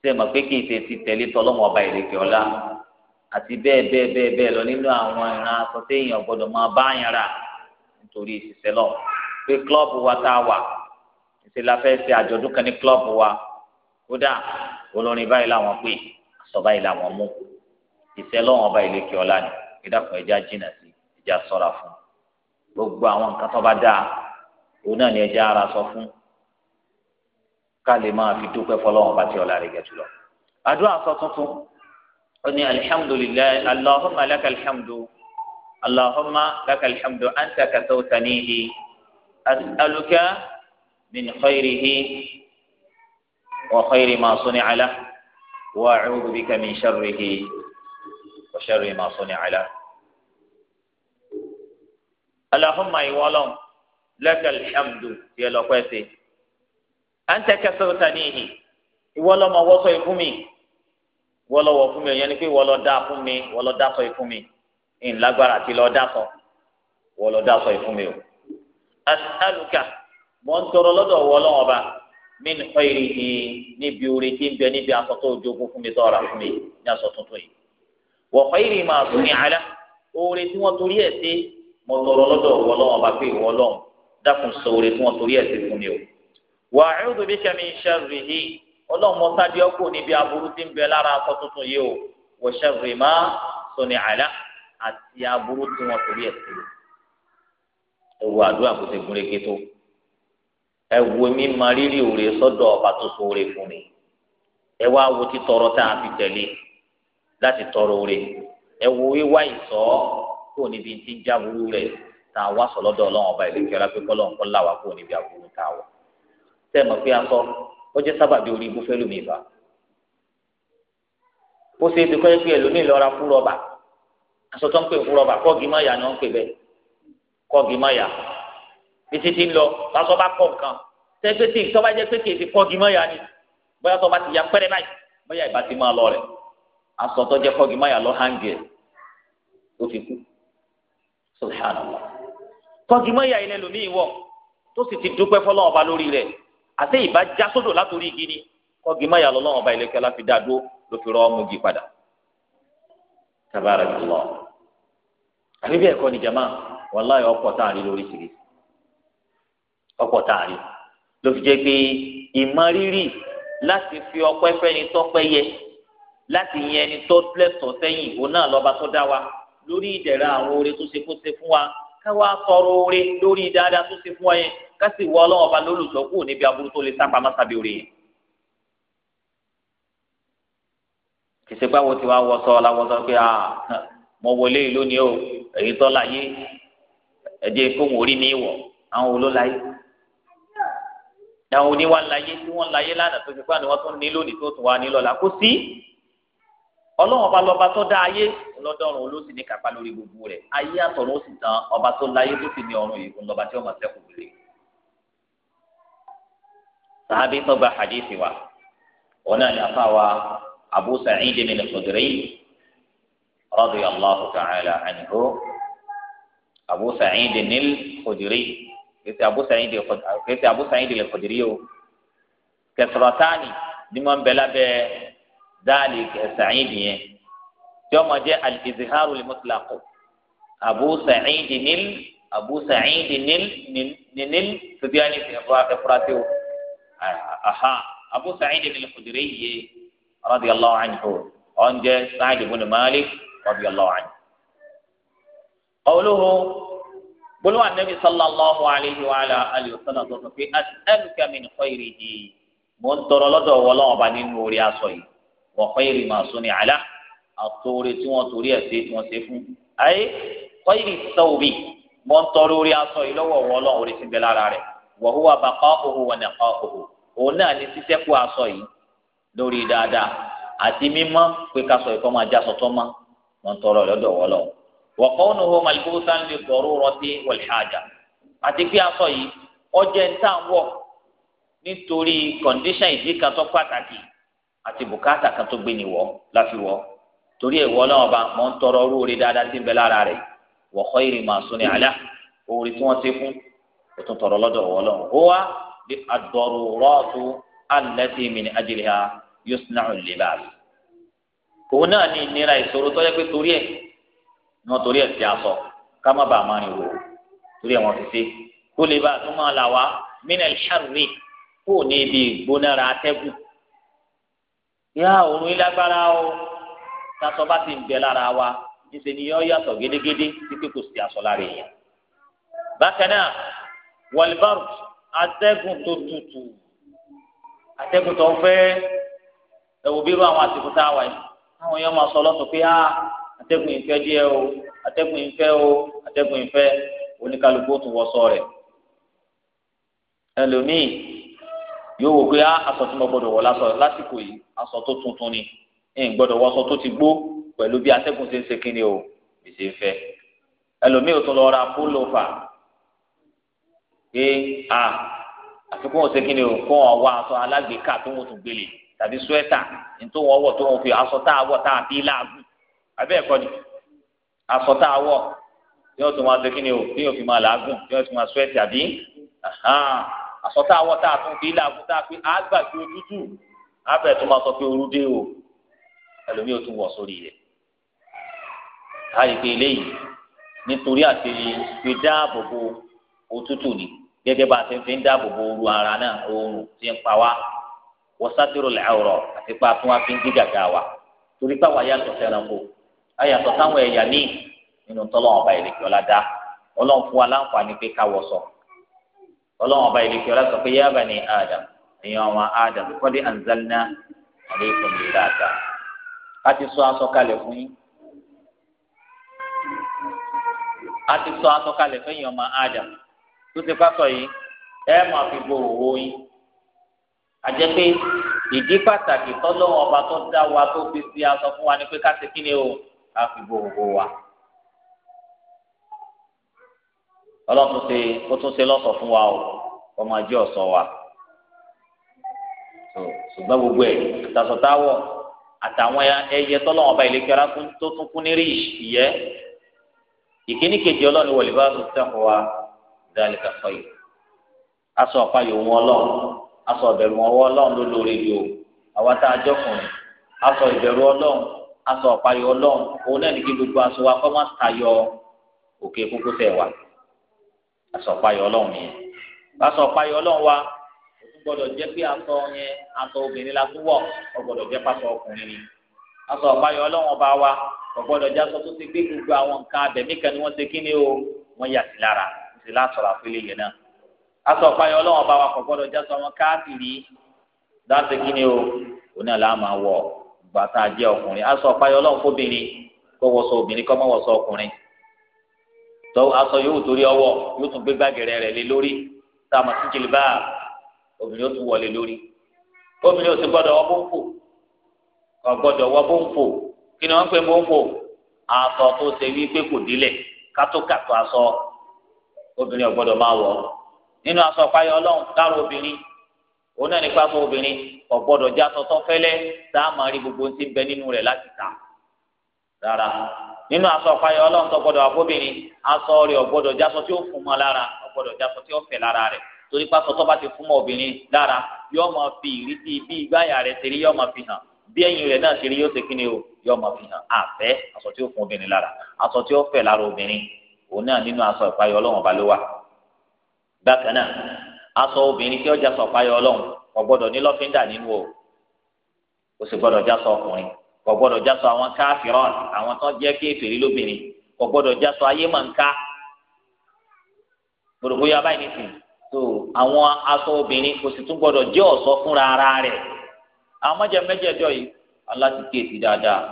tẹ ma pé kì í tẹ ti tẹlẹ tọlọ wọn ọba ìrèké ọlá àti bẹ́ẹ̀ bẹ́ẹ̀ bẹ́ẹ̀ bẹ́ẹ̀ lọ nínú àwọn ìran aṣọ téèyàn gbọ́dọ̀ máa bá yàn rà nítorí ìṣiṣẹ́ lọ pé klọ́ọ̀bù wa tá a wà ìṣẹ̀lẹ̀ afẹ́ ṣe àjọ̀dún kan ní klọ́ọ̀bù wa kódà olórin báyìí làwọn pè é sọba ìlà wọn mú ìfẹ́ lọ́wọ́n ọba ìlékè ọlá ni ìdàkùn ẹja jìnnà sí ìjà sọ́ra fún gbogbo àwọn nǹkan tó bá dáa òun náà ni ẹja ara sọ fún ká lè máa fi dúpẹ́ fọlọ́wọ́n ọba tí ọlá rẹ̀ gẹ̀ jùlọ. àdúrà sọ tuntun ó ní alihamudulilayi alahumma laka alihamudu alahumma laka alihamudu anta katawtanihi as'aluka min khayrihi wa khayri ma suni'a lahu. وأعوذ بك من شره وشر ما صنع له اللهم يوالون لك الحمد يا لقيتي أنت كسرتنيه ìwọlọ ma wọsọ ikú mi wọlọ wọ fún mi yẹn ni pé wọlọ dá fún mi wọlọ dá sọ ikú mi ìlágbára àti lọ dá sọ wọlọ dá sọ ikú mi o. as'aluka mọ̀ ń tọrọ lọ́dọ̀ wọlọ́wọ́ bá min khairihi níbi orí tí ń bẹ níbi aṣọ tó jogún fún mi tọ́ra fún mi ní aṣọ tuntun yìí wa khairi ma suni ala orí tí wọ́n torí ẹ̀ sí mo tọrọ lọ́dọ̀ wọlọ́wọ́n bá pé wọlọ́wọ́n dákun sọ orí tí wọ́n torí ẹ̀ sí fún mi o wa a'udhu bika min sharrihi ọlọ́run mo sáde ọkọ níbi aburú tí ń bẹ lára aṣọ tuntun yìí o wa sharri ma suni ala àti aburú tí wọ́n torí ẹ̀ sí o ewu àdúrà kò ti gúnrégé tó. ẹ mi máa rírì òrè sọ́dọ̀ ọba tó so òrè fún mi ti tọrọ tá a fi tẹ̀lé láti tọrọ òrè ewu wo wíwá ìsọ kó níbi tí ń já burú rẹ tá a wá ọba ìlẹkẹ ọlá pé kọlọrun kọ là wá níbi àbúrò tá a wọ tẹ mọ̀ pé aṣọ ó jẹ́ sábàbí orí ibú fẹlú mi bá ó ṣe é ti pé ẹlòmíì lọ́ra fún rọ́bà tó ń pè fún títí ti ń lọ lásán bá kọ nǹkan sẹgbẹ tí ìtọ́ bá jẹ́ pé kèsì kọ́gi mọ́yà ni bóyá tó bá ti ya pẹ́rẹ́ báyìí bóyá ìbá ti máa lọ rẹ̀ aṣọ tó jẹ́ kọ́gi mọ́yà lọ hangi ẹ̀ ó fi kú subhanallah kọ́gi mọ́yà ilẹ̀ lómi ìwọ̀ tó sì ti dúpẹ́ fọlọ́wọ́n ba lórí rẹ̀ àti ìbá já sódò látòrí igi ni kọ́gi mọ́yà lọ́wọ́n ba ilẹ̀ kẹ́lá fi dá dúró ló fi rọ́ ọmọ igi padà tabarakallah àbí bẹ́ẹ̀ kọ́ ni jama wàláyé ọkọ̀ tá a rí lórí ṣìṣì ọ̀pọ̀ tààrí ló fi jẹ́ pé ìmọ̀rírì láti fi ọpẹ́ fẹ́ni tọ́pẹ́ yẹ láti yẹ ẹni tó lẹ́tọ̀ sẹ́yìn òun náà lọ́ba tó dá wa lórí ìdẹ̀ra àwọn oore tó ṣe kó ṣe fún wa káwa sọ̀rọ̀ oore lórí dáadáa tó ṣe fún wa yẹn ká sì wọ ọlọ́wọ́ ọba lólùsọ kúrò níbi aburú tó lè sápá mọ́sábí oore yẹn. ìṣèpáwo ti wá wọṣọ làwọṣọ pé a ah, mọ wọlé lónìí o èyí tọ́ láyé ẹ̀dí kóhùn orí ní ìwọ̀ àwọn olólayé àwọn oníwà láyé tí wọ́n láyé lánàá tó ti pa ni wọ́n tún ní lónìí tó tún wà ní lọ́la kò sí ọlọ́run ọba lọ́ba tó dá ayé ọlọ́dọ́run olóòsì ní kápá lórí gbogbo rẹ̀ ayé àtọ̀run ó sì tán ọba tó láyé tó sì ní ọ̀run yìí kò lọ́ba tí ó máa ṣẹ́kù lé. sàábí tó gba hadithi wa wọn náà ní afa wa abu sa'id min al-khudri radiyallahu ta'ala anhu abu sa'id min al kese abu sa'id kese abu sa'id le kɔdiri o kɛsɔrɔtaani nima bɛla bɛ daali sa'id yɛ jɔnma jɛ al-izharu al-mutlaq abu sa'id nil abu sa'id nil nil sibiyani ɛfurasi o aha abu sa'id nil kɔdiri yɛ radiyallahu anhu ɔn jɛ sa'id ibn malik radiyallahu anhu gbólóhùn anabi sallallahu alayhi wa alayhi wa sallam tó sọ pé as'aluka min khayrihi mò ń tọrọ lọ́dọ̀ wọlọ́wọ́ bá nínú orí aṣọ yìí wa khayri ma suni ala àtòrè tí wọ́n torí ẹ̀ ṣe tí wọ́n ṣe fún ayé khayri thawbi mò ń tọrọ orí aṣọ yìí lọ́wọ́ wọlọ́wọ́ orí ti bẹ lára rẹ̀ wa huwa baqa'uhu wa niqa'uhu òun náà ní sísẹ́kù aṣọ yìí lórí dáadáa àti mímọ́ pé ká sọ ìkọ́ máa jásọ tó mọ́ mọ́ ń tọrọ lọ́dọ̀ wọlọ́wọ́ wọ̀kọ́nù hó malikusan lè dọ̀rọ̀ rọtí wọ̀lẹ́hàjà àti pé aṣọ yìí ọjọ́ ń tàn wọ̀ nítorí kọ̀ǹdíṣàn ìdí kan tó pàtàkì àti bùkátà kan tó gbé ni wọ̀ láfi wọ̀ torí ẹ̀ wọ́ bá mọ̀ ń tọrọ orí dáadáa tí ń bẹ lára rẹ̀ wọ̀kọ́ ìrì màá sún ní àlá orí tí wọ́n ti fún kò tún tọrọ lọ́dọ̀ wọ́ lọ́wọ́ ó wá bí adọ̀rọ̀ rọ́ọ̀tù alẹ́tì ní ajílẹ̀ ha yóò sinahu lè báyìí òun náà ní ìnira ìṣòro tó pé torí ẹ̀ ni wọ́n torí ẹ̀ sí aṣọ ká má bàa máa rìn wò torí ẹ̀ wọ́n fi ṣe kó lè bá a tún máa là wá mínà ìṣàrùmí kó ní ibi ìgbónára atẹ́gùn yá òórùn ilágbára o tasọ bá ti ń bẹ lára wa níṣẹ́ ni yọ yàtọ̀ gédégédé títí kò sí aṣọ lára èèyàn bákan náà wọlbárù atẹ́gùn tó tutù atẹ́gùn tó fẹ́ ẹ̀wò bí irú àwọn àsìkò wà yìí àwọn èèyàn máa sọ lọ́sọ̀ pé á ah, atẹ́gùn ìfẹ́ díẹ̀ o atẹ́gùn ìfẹ́ o atẹ́gùn ìfẹ́ oníkálukú tún wọ sọ rẹ̀ ẹlòmíì yóò wò pé á aṣọ tí mo gbọdọ̀ wọ̀ lásọ lásìkò yìí aṣọ tó tuntun ni ń gbọdọ̀ wọṣọ tó ti gbó pẹ̀lú bí atẹ́gùn ṣe ń ṣe kíni o ìṣe ń fẹ́ ẹlòmíì ò tún lọ ra púlọ̀fà pé a àfikún òṣè kíni o kó wọn wá aṣọ alágbèéká tó wọn tún gbélé tàbí suẹ́tà ní tó wọn wọ̀ tó wọn fi aṣọ tá a wọ̀ tá a fi láàgùn abẹ́ ẹ̀kọ́ ni aṣọ tá a wọ̀ yóò tún máa ṣe kí ni o yóò fi máa làágùn yóò tún máa sweat àbí aṣọ tá a wọ̀ tá a tún fi làágùn tá a fi àgbà fi òtútù abẹ́ tún máa sọ pé orú dé o ẹlòmíì ò tún wọ̀ sórí rẹ̀ àyíké eléyìí nítorí àti fi dáàbò bo òtútù ni gẹ́gẹ́ bá a ti fi ń dáàbò bo ooru ara náà oorun ti ń pa wá wọ́n sátìrò làwòrán àti pa tí wọ́n fi ń dí gàgà wa torí pé àwa yàtọ̀ sẹ́ranko ayàtọ̀ táwọn ẹ̀yà míì nínú tọ́lọ́ ọba ìlẹ̀kẹ́ ọ̀la dá ọlọ́run fún wa láǹfààní pé ká wọṣọ ọlọ́run ọba ìlẹ̀kẹ́ ọ̀la sọ pé yá bani Adam èèyàn àwọn Adam kọ́dé anzalna alaykum libasa a ti sọ aṣọ kalẹ̀ fún yín a ti sọ aṣọ kalẹ̀ fún èèyàn ọmọ Adam tó ti pásọ yìí ẹ máa fi òwò yín àjẹ pé ìdí pàtàkì tọ́lọ́run ọba tó dá wa tó fi sí aṣọ fún wa ni pé ká ṣe kí ni o. afi gbogbo wa wò wá. ṣe ó tún ṣe lọsọ fún wa o ọmọ ajé ọsọ wa ṣùgbọ́n gbogbo ẹ̀ àtàsọ̀táwọ̀ àtàwọn ẹyẹ tọ́lọ́wọ́n ọba ìlẹ́kẹ́ra tó tún kún ní rí ìyẹ́ ìkíní kejì ọlọ́run wọlé bá tó tẹ̀ wá dáálí yìí aṣọ àpáyò wọn aṣọ wọn ló aṣọ àpáyọ ọlọ́run òun náà ní kí gbogbo aṣọ wa kọ́ má tayọ òkè kókósẹ̀ wa aṣọ àpáyọ ọlọ́run yẹn aṣọ àpáyọ ọlọ́run wa òtún gbọdọ̀ jẹ́ pé aṣọ yẹn aṣọ obìnrin la tún wọ̀ ọgbọdọ̀ jẹ́ pàṣọ ọkùnrin ni aṣọ àpáyọ ọlọ́run ọba wa ọgbọdọ̀ jẹ́ aṣọ tó ti gbé gbogbo àwọn nǹkan abẹ̀mí kan ni wọ́n ṣe kí ni o wọ́n yà sí lára sí lásọ̀rọ̀ àfẹ́lẹ́ yẹn náà aṣọ o bàtà jẹ ọkùnrin aṣọ ọpáyọ ọlọrun fóbìnrin kó wọṣọ obìnrin kó má wọṣọ ọkùnrin tó aṣọ yóò torí ọwọ́ yóò tún gbé gbàgẹrẹ rẹ̀ lé lórí tá a mọ sí jìlìbá obìnrin yóò tún wọlé lórí obìnrin yóò sì gbọ́dọ̀ wọ bóńfò kò gbọ́dọ̀ wọ bóńfò kí ni wọn pè bóńfò aṣọ tó ṣe wí pé kò délẹ̀ kátókàtó aṣọ obìnrin ò gbọ́dọ̀ máa wọ nínú aṣọ ọpáyọ Ọlọ́run dárò obìnrin òun náà nípa fún obìnrin ọ̀gbọ́dọ̀ já sọtọ́ fẹ́lẹ́ tá a máa rí gbogbo ti bẹ nínú rẹ̀ láti ta rárá nínú aṣọ ọ̀páyọ ọlọ́run tó gbọ́dọ̀ àbóbìnrin aṣọ rẹ̀ ọ̀gbọ́dọ̀ já sọ tí ó fún mọ́ lára ọ̀gbọ́dọ̀ já sọ tí ó fẹ̀ lára rẹ̀ torí pásọ tó bá ti fún mọ́ obìnrin lára yóò máa fi ìrísí bí ìgbáyà rẹ̀ ṣe rí yóò máa fi hàn bí ẹ̀yìn rẹ̀ náà ṣe rí yóò ṣe kíni o yóò máa fi hàn àfẹ́ aṣọ tí ó fún obìnrin lára aṣọ tí ó fẹ̀ lára obìnrin òun náà nínú aṣọ ìpáyọ ọlọ́run ọba ló wà bákan náà aṣọ obìnrin tí ọjà sọ payọ Ọlọ́run kò gbọ́dọ̀ ní lọ́fíńdà nínú o kò sì gbọ́dọ̀ já sọ ọkùnrin kò gbọ́dọ̀ já sọ àwọn káfírọ àwọn tó jẹ́ kéfèrí lóbìnrin kò gbọ́dọ̀ já sọ ayé máa ń ká gbogbo yá báyìí nìsín tó àwọn aṣọ obìnrin kò sì tún gbọ́dọ̀ jẹ́ ọ̀ṣọ́ fúnra ara rẹ̀ àwọn mọjẹmẹjẹjọ yìí aláti kéèsì dáadáa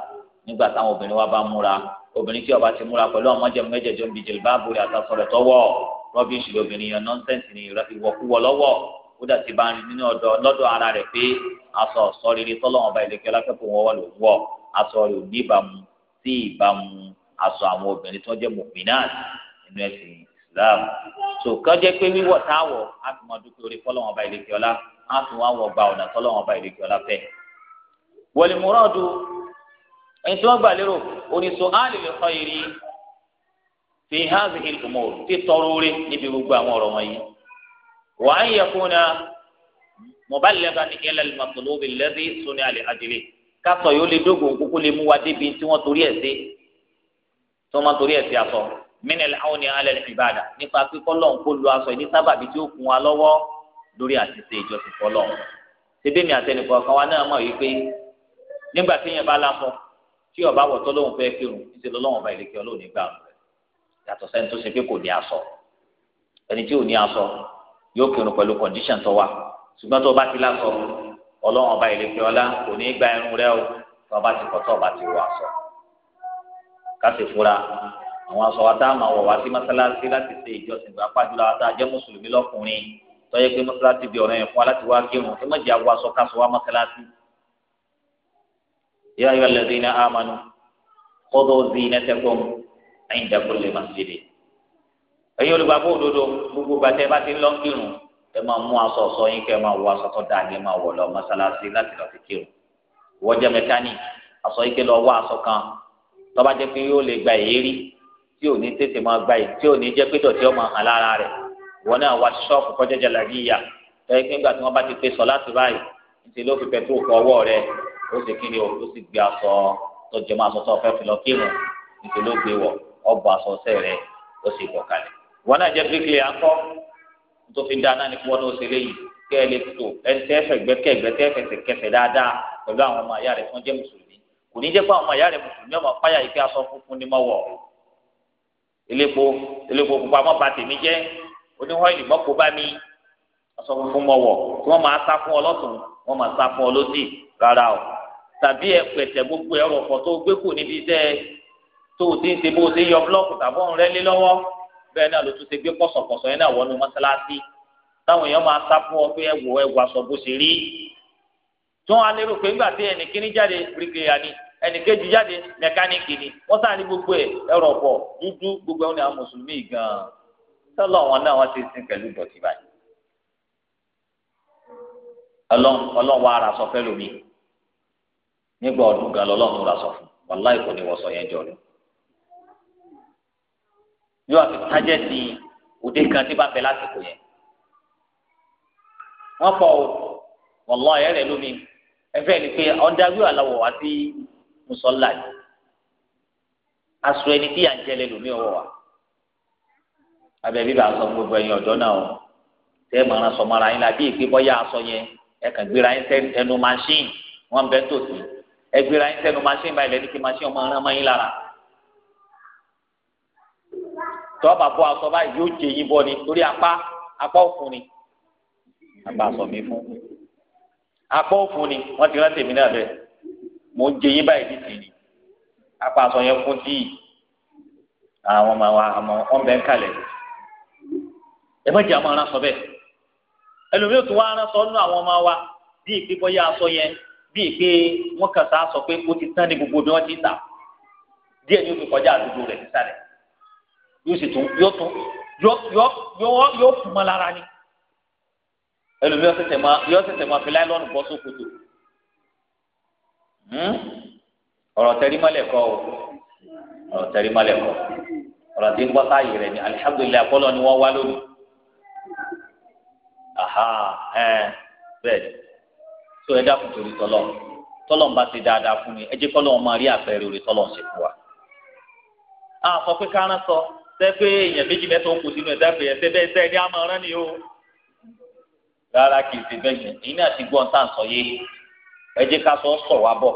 nígbà táwọn obìnrin wa bá múra obìnrin tí ó bá ti múra pẹ̀lú àwọn mọjẹmẹjẹjọ bíi jìlbáàbù àtàsọrẹ tọwọ rọ́bìṣì lóbìnrin yẹn nọ́ńsẹ̀nsì ni ìwọ̀kúwọ̀ lọ́wọ́ ó dà ti bá ń rí nínú ọ̀dọ̀ lọ́dọ̀ ara rẹ̀ pé aṣọ ọ̀sọ́ rere tọ́lọ́wọ́n bá ilẹ̀kẹ́ lákẹ́kọ̀ọ́ wọn wọ̀ ló ń wọ̀ aṣọ rẹ̀ ò ní ìbámu sí ìbámu aṣọ àwọn obìnrin tó jẹ́ mùmínáàt nínú ẹ̀sìn Islam tó kọjá pé wíwọ̀ táwọ̀ á fi máa dúpẹ́ orí tọ́lọ́wọ́n bá ilẹ̀kẹ́ ọlá á fi wá wọ̀ gba ọ̀nà tọ́lọ́wọ́n bá ilẹ̀kẹ́ ọlá fẹ́. wọ̀lì mùrọ̀dù ẹni tí wọ́n gbà lérò oníṣòwò á lè lè kọ́ irin fi hadhihi al-umur ti tọrọ orí níbi gbogbo àwọn ọ̀rọ̀ wọ̀nyí wa an yakuna muballighan ila al-matlub alladhi suni'a li ajlihi kásọ yóò lè dógò kúkú lè mú wa débi tí wọ́n torí ẹ̀ sí tí wọ́n máa torí ẹ̀ sí aṣọ min al-awni ala al-ibada nípa pípọ́ lọ́n kó lu aṣọ ní sábàbí tí ó kún wa lọ́wọ́ lórí àtìsí ìjọsìn fọlọ́ ṣebí mi àtẹnìkọ̀ kan wa náà mọ̀ wípé nígbà tí yẹn bá lásọ tí ọba wọ̀ tọ́lọ́hún fẹ́ kírun ìṣèlú ọlọ́wọ̀n yàtọ̀ sẹ́ni tó ṣe pé kò ní aṣọ ẹni tí ò ní aṣọ yóò kírun pẹ̀lú condition tó wà ṣùgbọ́n tó bá ti láṣọ ọlọ́run ọba ìlẹ́fẹ́ ọlá kò ní gba irun rẹ o tó o ti kọ́ tó o ti wọ aṣọ káṣí fura àwọn aṣọ wa tá a máa wọ̀ wá sí mọ́sálásí láti ṣe ìjọsìn gbà pàjùlọ àti àjẹ́ mùsùlùmí lọ́kùnrin tó yẹ pé mọ́sálásí bí ọ̀rọ̀ yẹn fún wa láti wá kírun ẹ má jẹ́ àwọn káṣọ wa mọ́sálásí. yā ayyuhal ẹ̀yin dẹ́kun lè má ṣe lè ẹ̀yin olùgbàgbọ́ òdodo gbogbo gbàtẹ́ bá ti ń lọ kírun ẹ máa mú aṣọ ọ̀ṣọ́ yín kẹ́ ẹ máa wọ aṣọ tó dáa ní ẹ máa wọ̀ lọ mọ́ṣáláṣí láti lọ fi kírun wọ́jà mẹkáníkì aṣọ yín kẹ́ lọ wá aṣọ kan tó bá jẹ́ pé yóò lè gba èérí tí ò ní tètè máa gba èyí tí ò ní jẹ́ pé dọ̀tí ọmọ hàn lára rẹ̀ wọn náà wá ṣọ́ọ̀kù kọjá jàlágíyà ẹ̀ nígbà tí wọ́n bá ti pè láti báyìí ti ló fi pẹ̀tù kọ ọwọ́ rẹ̀ ó sì kí ni o ó sì gbé aṣọ tó jẹ́ máa sọ tó fẹ́ fi lọ kírun nítorí ó gbé wọ̀ ọba sọsẹ rẹ ó sì bọ kalẹ̀ wọn náà jẹ bíríkìlì akọ tó fi dáná ní kí wọn náà ṣe léyìí kẹ ẹ lè tó ẹsẹ ẹfẹgbẹkẹ ẹgbẹtẹ ẹfẹsẹkẹsẹ dáadáa pẹ̀lú àwọn ọmọ àyà rẹ fún jẹ mùsùlùmí kò ní jẹ pé àwọn ọmọ àyà rẹ mùsùlùmí ọmọ páyà yìí kí aṣọ funfun ni mọ wọ elépo elépo pupa mọ ba tèmi jẹ oníhọ́ìlì mọ kó bá mi aṣọ funfun mọ wọ tí wọn máa sá fún ọ lọ́tùn wọn máa sá fún ọ lósì rárá o tàbí ẹ pẹtẹ gbogbo ẹ rọpò tó gbé kù níbi tó o ti ń ṣe bó o ṣe yọ búlọ́ọ̀kù tàbọ̀ ń rẹ́lé lọ́wọ́ bẹ́ẹ̀ náà ló tún ṣe gbé pọ̀sọ̀pọ̀sọ̀ yẹn náà wọnú mọ́sálásí táwọn èèyàn máa sápò ọ pé ẹwọ ẹwà sọ bó ṣe rí tí wọn á lérò pé nígbà tí ẹnìkíní jáde bíríkìlìyà ni ẹnìkejì jáde mẹkáníìkì ni wọn sáà ní gbogbo ẹ ẹrọ pọ dúdú gbogbo ẹwọn ni àwọn mùsùlùmí gan sọlọ wọn náà wọn ti sin pẹ̀lú dọ̀tí báyìí Ọlọ́run wa ara sọ fẹ lómi nígbà ọdún gan lọ́lọ́run ra sọ fún wàláì kò ní wọ yóò àfi tájẹ́tì òde kan tí bá fẹ́ lásìkò yẹn. wọ́n pọ̀ o wọ́lọ́ ẹ̀ rẹ̀ lómi ẹ̀fẹ́ ni pé ọ̀dàgbé àláwọ̀ wá sí mùsọ̀lá yìí aṣọ ẹni tí yà ń jẹlẹ lómi ọwọ́ wa abẹ bíbá aṣọ gbogbo ẹ̀yin ọ̀dọ́ náà o tẹ́ mọ̀ràn sọ mọ́ra yín la bí èké bọ́yá aṣọ yẹn ẹ kàn gbéra yín ẹnu machine wọ́n bẹ́ tòsí ẹ gbéra yín sẹ́nu machine báyìí lẹ́ni kí machine ọmọ ọ̀ràn mọ́ yín lára tọ́ba bọ́ aṣọ báyìí yóò jẹ yín bọ́ ni torí apá apá òfun ni apá aṣọ mi fún apá òfun ni wọ́n ti rán tèmi náà bẹ́ẹ̀ mò ń jẹ yín báyìí nìsín ni apá aṣọ yẹn fún tíì àwọn ọmọ àwọn ọmọ wọn bẹ ń kalẹ̀ ẹ má jẹ àwọn aránṣọ bẹ́ẹ̀ ẹlòmíràn tó wá aránṣọ nínú àwọn ọmọ wa bí ìpè bọ́yá aṣọ yẹn bí ìpè wọn kàn sá sọ pé ó ti tán ní gbogbo bí wọ́n ti tà díẹ̀ ni ó fi kọjá àdúgbò rẹ̀ sísàlẹ̀ yóò sì tún yóò tún yóò yóò yóò lára ni ẹlòmí yóò ṣẹ̀ṣẹ̀ máa yóò ṣẹ̀ṣẹ̀ máa fi láìlọ́ọ̀nù bọ́ sókòtò hmm? ọ̀rọ̀ tẹ̀rí mọ́lẹ̀ kọ́ o ni alihamudulilayi akọ́lọ́ ni wọ́n wá aha ẹ bẹ́ẹ̀ ni tó ẹ dákun torí tọ́lọ́ tọ́lọ́ ń bá ti dáadáa fún mi ẹ jẹ́ kọ́lọ́ wọn sẹ́pẹ́ èèyàn méjì mẹ́ta ó kù sínú ẹ̀dá pé ẹ̀sẹ̀ bẹ́ẹ̀ sẹ́ẹ̀ ní amọ̀ràn ni o. rárá kì í ṣe bẹ́ẹ̀ yẹn èyí náà ti gbọ́n tá à ń sọ yé ẹ jẹ́ ká sọ sọ̀ wá bọ̀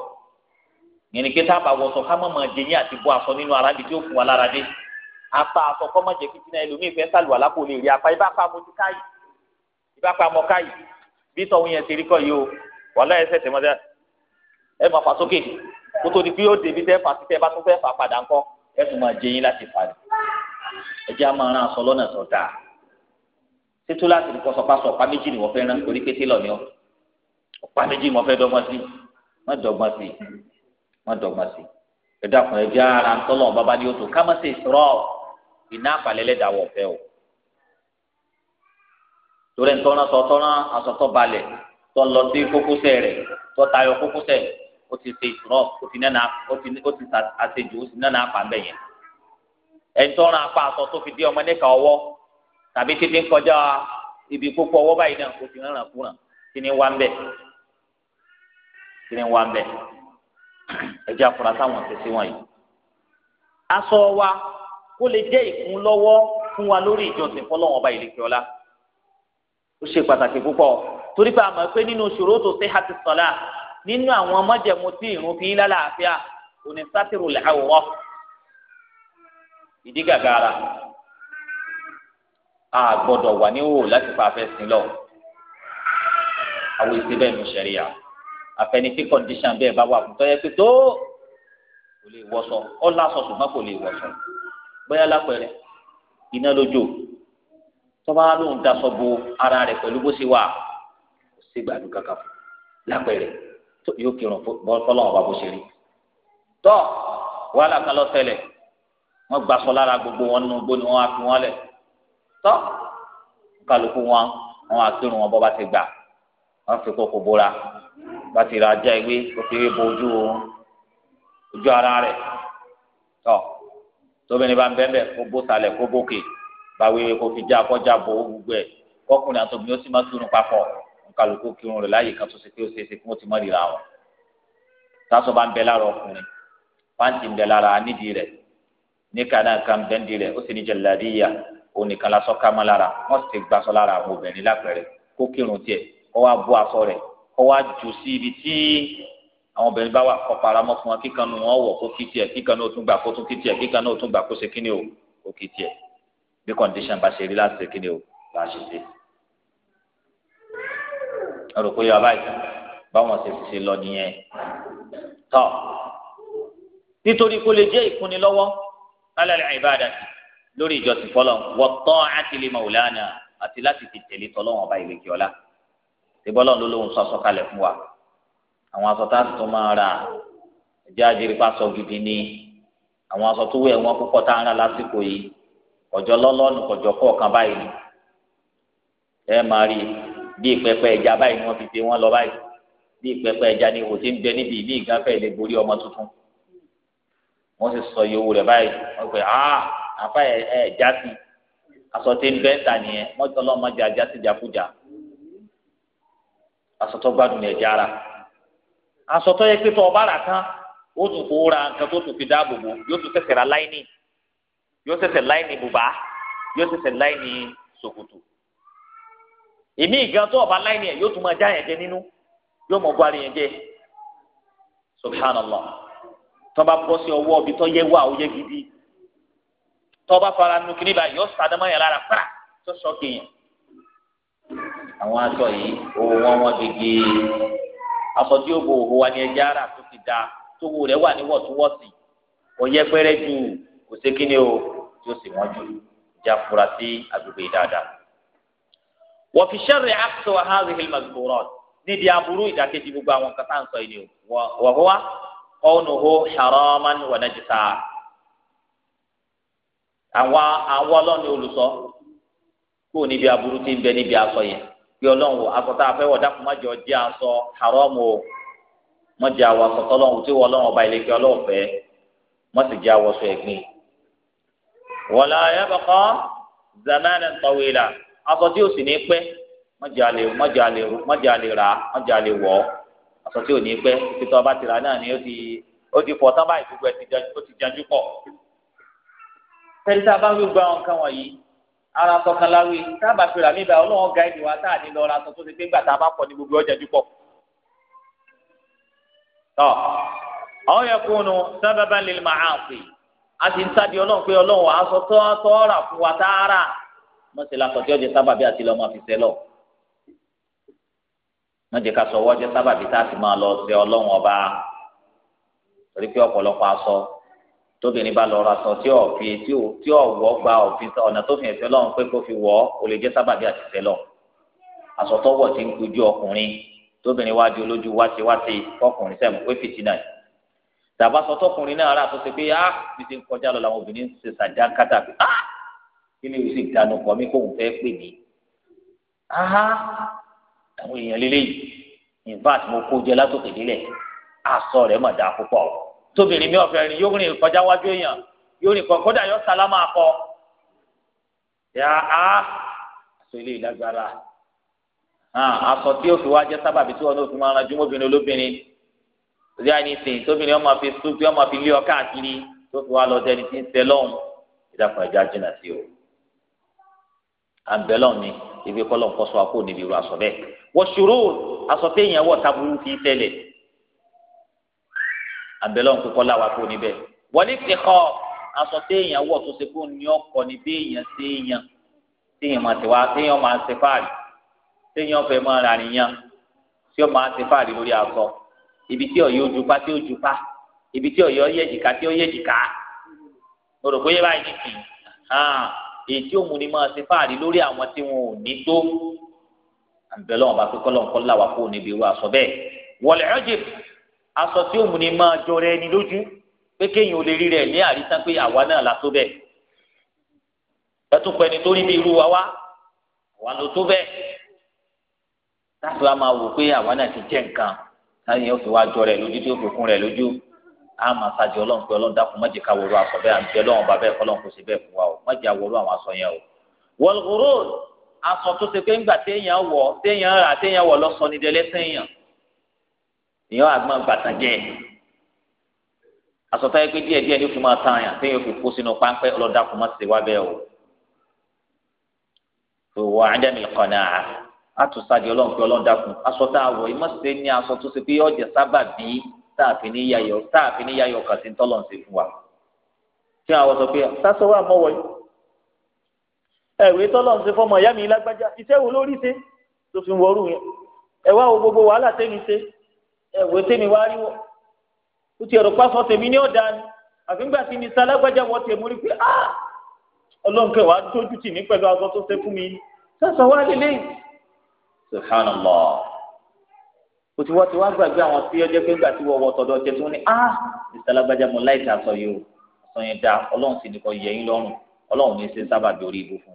yẹn ni pé tá a bá wọṣọ ká má máa jẹ yín àti bọ́ aṣọ nínú ara bí tí ó fún wa lára dé apá aṣọ kọ́ má jẹ́ kí tinú ẹlòmíì fẹ́ sàlùwà lápò lè rí apá ibà pa káyì ibà pa káyì bí tọ́hún yẹn ti rí kọ́ yìí o wàhálà ẹjẹ́ a máa rán aṣọ lọ́nà tó dáa títú láti ní kọ́sọ́pásọ ọ̀pá méjì ni wọ́n fẹ́ rán torí pé tílọ̀ ni ọ́ ọ̀pá méjì ni wọ́n fẹ́ dọ́gbọ́n sí wọ́n dọ́gbọ́n sí wọ́n dọ́gbọ́n sí ẹ̀dá kan ẹ̀jẹ̀ ara tọ́lọ̀ bàbá ni ó tó kámẹ́sì rọ̀ iná àpàlẹ́lẹ́dà wọ̀ fẹ́ o torí ntọ́nà sọ̀tọ́nà asọ̀tọ̀ balẹ̀ tọ́ lọ sí kókósẹ̀ rẹ̀ tọ́ tayọ kókósẹ̀ ó ti ṣe ìṣúná ó ti nánà ó ti àṣejù ó ti nánà àpàmbẹ̀ yẹn ẹni tó rán apá aṣọ tó fi dé ọmọ níka ọwọ́ tàbí títí ń kọjá ibi púpọ̀ ọwọ́ báyìí náà kò sì ń ràn kúràn kí ni wá ń bẹ̀ kí ni wá ń bẹ̀ ẹjẹ́ afurasí àwọn tẹ̀sí wọ̀nyí. aṣọ wa kó lè jẹ́ ìkúnlọ́wọ́ fún wa lórí ìjọsìn fọlọ́wọ́n ọba ìlẹ̀kẹ́ ọlá ó ṣe pàtàkì púpọ̀ torí pé a mọ̀ pé nínú ṣurutu sihhatis salah nínú àwọn májẹ̀mú tí ìrun fi ń lálàáfíà òní sátìrù làwọ̀ ìdí gàgàrà a gbọ́dọ̀ wà níwò láti fa afẹ sin lọ àwọn ìṣe bẹ́ẹ̀ nù sẹríya àfẹnifí kọndíṣàn bẹ́ẹ̀ bá wà fún tọyẹ pé tó kò lè wọṣọ ọlá sọsùn má kò lè wọṣọ bóyá lápẹẹrẹ iná lójó tọba lóun daṣọ bo ara rẹ̀ pẹ̀lú bó ṣe wà kò sí gbàdúrà kankan fún lápẹẹrẹ yóò kírun fọlọ́wọ́n bá bó ṣe rí tọ́ wàhálà kan lọ tẹ́lẹ̀ wọn gbà sọ lára gbogbo wọn nínú gbó ni wọn á fi wọn lẹ tọ kálukú wọn wọn á kírun wọn bọ bá ti gbà wọn fi kókò bóra bá ti ra ajá ewé kó fi bo ojú ojú ara rẹ tọ tóbìnrin bá ń bẹ́ẹ̀ bẹ́ẹ̀ kó bó salẹ̀ kó bókè bá wéwé kó fi já kọjá bo gbogbo ẹ̀ kọkùnrin àtòbìnrin ó sì máa kírun papọ̀ kálukú kírun rẹ̀ láàyè kan tó ṣe pé ó ṣeé ṣe kí wọ́n ti mọ́ ìlera wọn tásọ bá ń bẹ lára ọkùnrin pàǹtí ń bẹ lára nídìí rẹ̀ nìkan náà kan bẹ́ńdì rẹ̀ ó sì ní jẹ̀láàdíyà òun nìkan lásán ká mọ́ lára wọ́n sì gbaṣọ lára àwọn obìnrin lápẹ̀rẹ̀ kó kírun tiẹ̀ kó wá bọ́ aṣọ rẹ̀ kó wá jù sí ibi tí àwọn obìnrin bá wà kọ́ paramọ́ fún wọn kíkan nu wọn wọ̀ kó kí tiẹ̀ kíkan náà tún gbà kó tún kí tiẹ̀ kíkan náà tún gbà kó ṣe kíni o kó kí tiẹ̀ bí condition bá ṣe rí láti ṣe kíni o bá ṣe ṣe. ọ̀rọ̀ pé yọ̀ọ́ báwọn ṣe ṣe lọ nìyẹn. tọ́ nítorí kó lè jẹ́ ìfúnnilọ́wọ́ alẹ́ ìbáàdà lórí ìjọsìn fọlọ́ wọ́tọ́ àtìlẹ́ mọ̀wùlánà àti láti fi tẹ̀lé tọ́lọ́wọ́n ọba ìlẹ̀kì ọ̀la ìbọ́lọ́ ló lóun sọ sọ́kalẹ̀ fún wa àwọn aṣọ tá a sì tún máa ra ẹjẹ́ àjẹrípa sọ gidi ni àwọn aṣọ tó wẹ̀ wọ́n púpọ̀ tá a ń ra lásìkò yìí ọjọ́ lọ́lọ́nù kọjọ́ kọ̀ọ̀kan báyìí ni ẹ máa rí bí ìpẹ́pẹ́ ẹja báyìí ni wọ́n fi gbé wọn lọ báyìí bí ìpẹ́pẹ́ ẹja ni kò ti ń bẹ níbi ìmí ìgáfẹ́ lè borí ọmọ tuntun wọ́n sì sọ iye owó rẹ̀ báyìí wọ́n pè á àfa ẹ̀ ẹ̀ já sí asọ̀tẹ̀ ń bẹ́ ta nìyẹn wọ́n tọ́ lọ́mọ jà já sí jàkújà asọ̀tọ̀ gbádùn ní ẹ̀jẹ̀ ara asọ̀tọ̀ yẹ pé tọ́ ọba rà tán ó tún kó ra nǹkan tó tún fi dáàbò bò yóò tún ṣẹ̀ṣẹ̀ ra láìní yóò ṣẹ̀ṣẹ̀ láìní bùbá yóò ṣẹ̀ṣẹ̀ láìní ṣòkòtò èmi ìgbà tó ọba láìní ẹ̀ yóò tún máa já yẹn jẹ nínú yóò mọ̀ gbárí yẹn jẹ subhanallah tó bá bọ́ sí ọwọ́ ibi tó yẹ wá ó yẹ gidi tó bá fara nu kiri báyìí yọ sàdámọ́ yẹn lára pàrà tó sọ kéèyàn. àwọn aṣọ yìí owó wọn wọn gègé aṣọ tí ó bo òhò wa ní ẹja ara tó ti da tó wo rẹ wà ní wọ̀túnwọ̀sì ó yẹ ju kò sí kíni o tí ó sì wọ́n jù já fura sí agbègbè dáadáa. wọ́n fi sẹ́rẹ̀ àkùsọ wàhálà rẹ̀ gbòòrò nídìí aburú ìdákejì gbogbo àwọn kàtà ń sọ yìí ni o wọ́n wá qawnuhu haraman wa najisa àwọn àwọn ọlọ́ni olùsọ kó o níbi aburú tí ń bẹ níbi aṣọ yẹn bí ọlọ́run wò aṣọ tá a fẹ́ wọ̀ dákun má jẹ́ ọ jẹ́ aṣọ haram o má jẹ́ àwọ̀ aṣọ tọ́lọ́run tí wọ́n ọlọ́run ọba ìlẹ́kẹ́ ọlọ́run fẹ́ má sì jẹ́ àwọ̀ aṣọ ẹ̀gbìn. wala yabqa zamanan tawila aṣọ tí o sì ní pẹ́ má jẹ́ àlè má jẹ́ àlè rà má jẹ́ àlè wọ̀ aṣọ tí ò ní pẹ́ ọba tìrà náà ni ó ti ó ti pọ̀ tán báyìí gbogbo ẹ̀ ó ti janjú pọ̀. tẹ́lifíṣà bá ń gbogbo àwọn nǹkan wọ̀nyí ara sọ̀kan láwí tábà fìrà mí bá ọlọ́wọ́ ga ìdí wa táà ní lọ ra sọ tó ti pé gbàtà bá pọ̀ ní gbogbo ọjà jù pọ̀. tọ́ àwọn yẹn kún un sábàbá lè máa pè á ti ń sáde ọlọ́run pé ọlọ́run aṣọ tọ́ tọ́ rà fún wa tààrà mọ̀sẹ̀ làkọ̀tí ọjà sábàbí àti lọ́mọ àfisẹ́ lọ́wọ́ wọn jẹ ká sọ wọ́n sábàbí tá a sì máa lọ sí ọlọ́run ọba torí pé ọ̀pọ̀lọpọ̀ aṣọ tóbìnrin bá lọ ra aṣọ tí ò fi tí ò tí ò wọ́ gba òfin ọ̀nà tó fi ẹ̀fẹ́ lọ́run pé kó fi wọ́ ò lè jẹ sábàbí àti fẹ́ lọ aṣọ tọ́wọ̀ ti ń kojú ọkùnrin tóbìnrin wájú olójú wáṣíwáṣí ọkùnrin sẹ́mu pé fìtínà yìí tàbá sọ tọkùnrin náà rà tó ṣe pé ah mi ti ń kọjá lọ làwọn obìnrin ṣe ṣàjà kátà pé ah kí ni o sì dànù kọ́ mi kóun fẹ́ pè mí àwọn èèyàn lélẹ́yìí ìbáàtì mo kó jẹ látòkè délẹ̀ aṣọ rẹ̀ mà dáa púpọ̀ tóbìnrin mi ọ̀fẹ́ rìn yóò rìn kọjá wájú èèyàn yóò rìn kọ kódà yóò sálámà kọ yà á aṣọ ilé ìlágbára aṣọ tí ó fi wá jẹ sábàbí tí wọn náà fi máa ranjú mọ́bìnrin olóbìnrin rí àìníṣe tóbìnrin ọmọ fi sùn tí ọmọ fi lé ọ káàkiri tó fi wá lọ sẹni tí ń sẹ lọ́hùn ìdàpọ̀ ẹja jìnnà sí o à ń bẹ lọ́hùn ni ibi kọ́lọ́hùn kọ́ sọ wa kó níbi irú aṣọ bẹ́ẹ̀ wọ́ṣúrò asọ̀tẹ́ yẹn wọ̀ taburú fi tẹ́lẹ̀ abẹ́lẹ́ òun kọ́kọ́ làwọn akó níbẹ̀ wọ́n ní ti kọ́ asọ̀tẹ́ yẹn wọ̀ tó ṣe fún ní ọkọ̀ ní béèyàn séèyàn téèyàn máa ti wá téèyàn máa ṣe fáàlì téèyàn fẹ́ máa rà nìyàn tí ó máa ṣe fáàlì lórí aṣọ ibi tí ọ̀yọ́ ojúpa tí ojúpa ibi tí ọ̀yọ́ yẹ̀jìká tí ó yẹ̀jìká mo rò pé yẹ báyìí nìkì èyí tí òun ni máa ṣe fáàlì lórí àwọn tí wọn ò ní tó àbẹ̀lẹ̀ wọn bá pé kọ́lọ̀ nǹkan là wà kó níbi irú aṣọ bẹ́ẹ̀ wọlé ọ̀jẹ̀ aṣọ tí ó ni máa jọra ẹni lójú pé kéèyàn ò lè rí rẹ̀ ní àrísá pé àwa náà la tó bẹ́ẹ̀ ẹtùpẹ́ ni tó rí bí irú wa wá àwa ló tó bẹ́ẹ̀ láti wá máa wò pé àwa náà ti jẹ́ nǹkan láti yẹn ó fi wá jọ rẹ̀ lójú tí ó fi kún rẹ̀ lójú á máa ṣàjọ ọlọ́run pé ọlọ́run dákun má ká wọ̀rọ̀ aṣọ bẹ́ẹ̀ àti ọlọ́run bẹ́ẹ̀ fún aṣọ tó ṣe pé ńgbà téèyàn wọ̀ téèyàn rà téèyàn wọ̀ lọ́sọ̀ ní délé séèyàn èèyàn àgbọn gbàtàn jẹ aṣọ táyé pé díẹ̀ díẹ̀ ní fi máa tan àyàn téèyàn fi kó sínú páńpẹ́ ọlọ́dà kò má ṣe wá bẹ́ẹ̀ o òwò àjẹmí kọ̀nà àtúnṣàdì ọlọ́run pé ọlọ́run dákun aṣọ tá a wọ̀ yìí mọ̀sẹ̀ ní aṣọ tó ṣe pé ọjà sábà bí táàfin ní yayọ̀ táàfin ní yayọ̀ kàtí ń fún wa tí àwọn sọ pé sásọ wà mọ́ wọ̀nyí ẹ̀wé tọ́lọ̀ ń ṣe fọmọ ìyá mi lágbájá iṣẹ́ wo lórí ṣe tó fi wọrú yẹn ẹ̀wá wo gbogbo wàhálà tẹ́mi ṣe ẹ̀wé tẹ́mi wá rí wọ́ ó ti ẹ̀rọ pásọ tèmi ní ọ̀dà ni àfi ńgbà tí mi sa lágbájá wọ́n tẹ̀ mú rí pé ah ọlọ́nkẹ́ wàá dójú tì mí pẹ̀lú aṣọ tó ṣe fún mi sẹ́sàn wá lélẹ̀ subhanallah ó ti wá ti wá gbàgbé àwọn tí ọjọ́ pé ńgbà tí wọ́wọ́ tọ̀dọ̀ jẹ ah mi sa lágbájá mo láì ta sọ yìí o sọ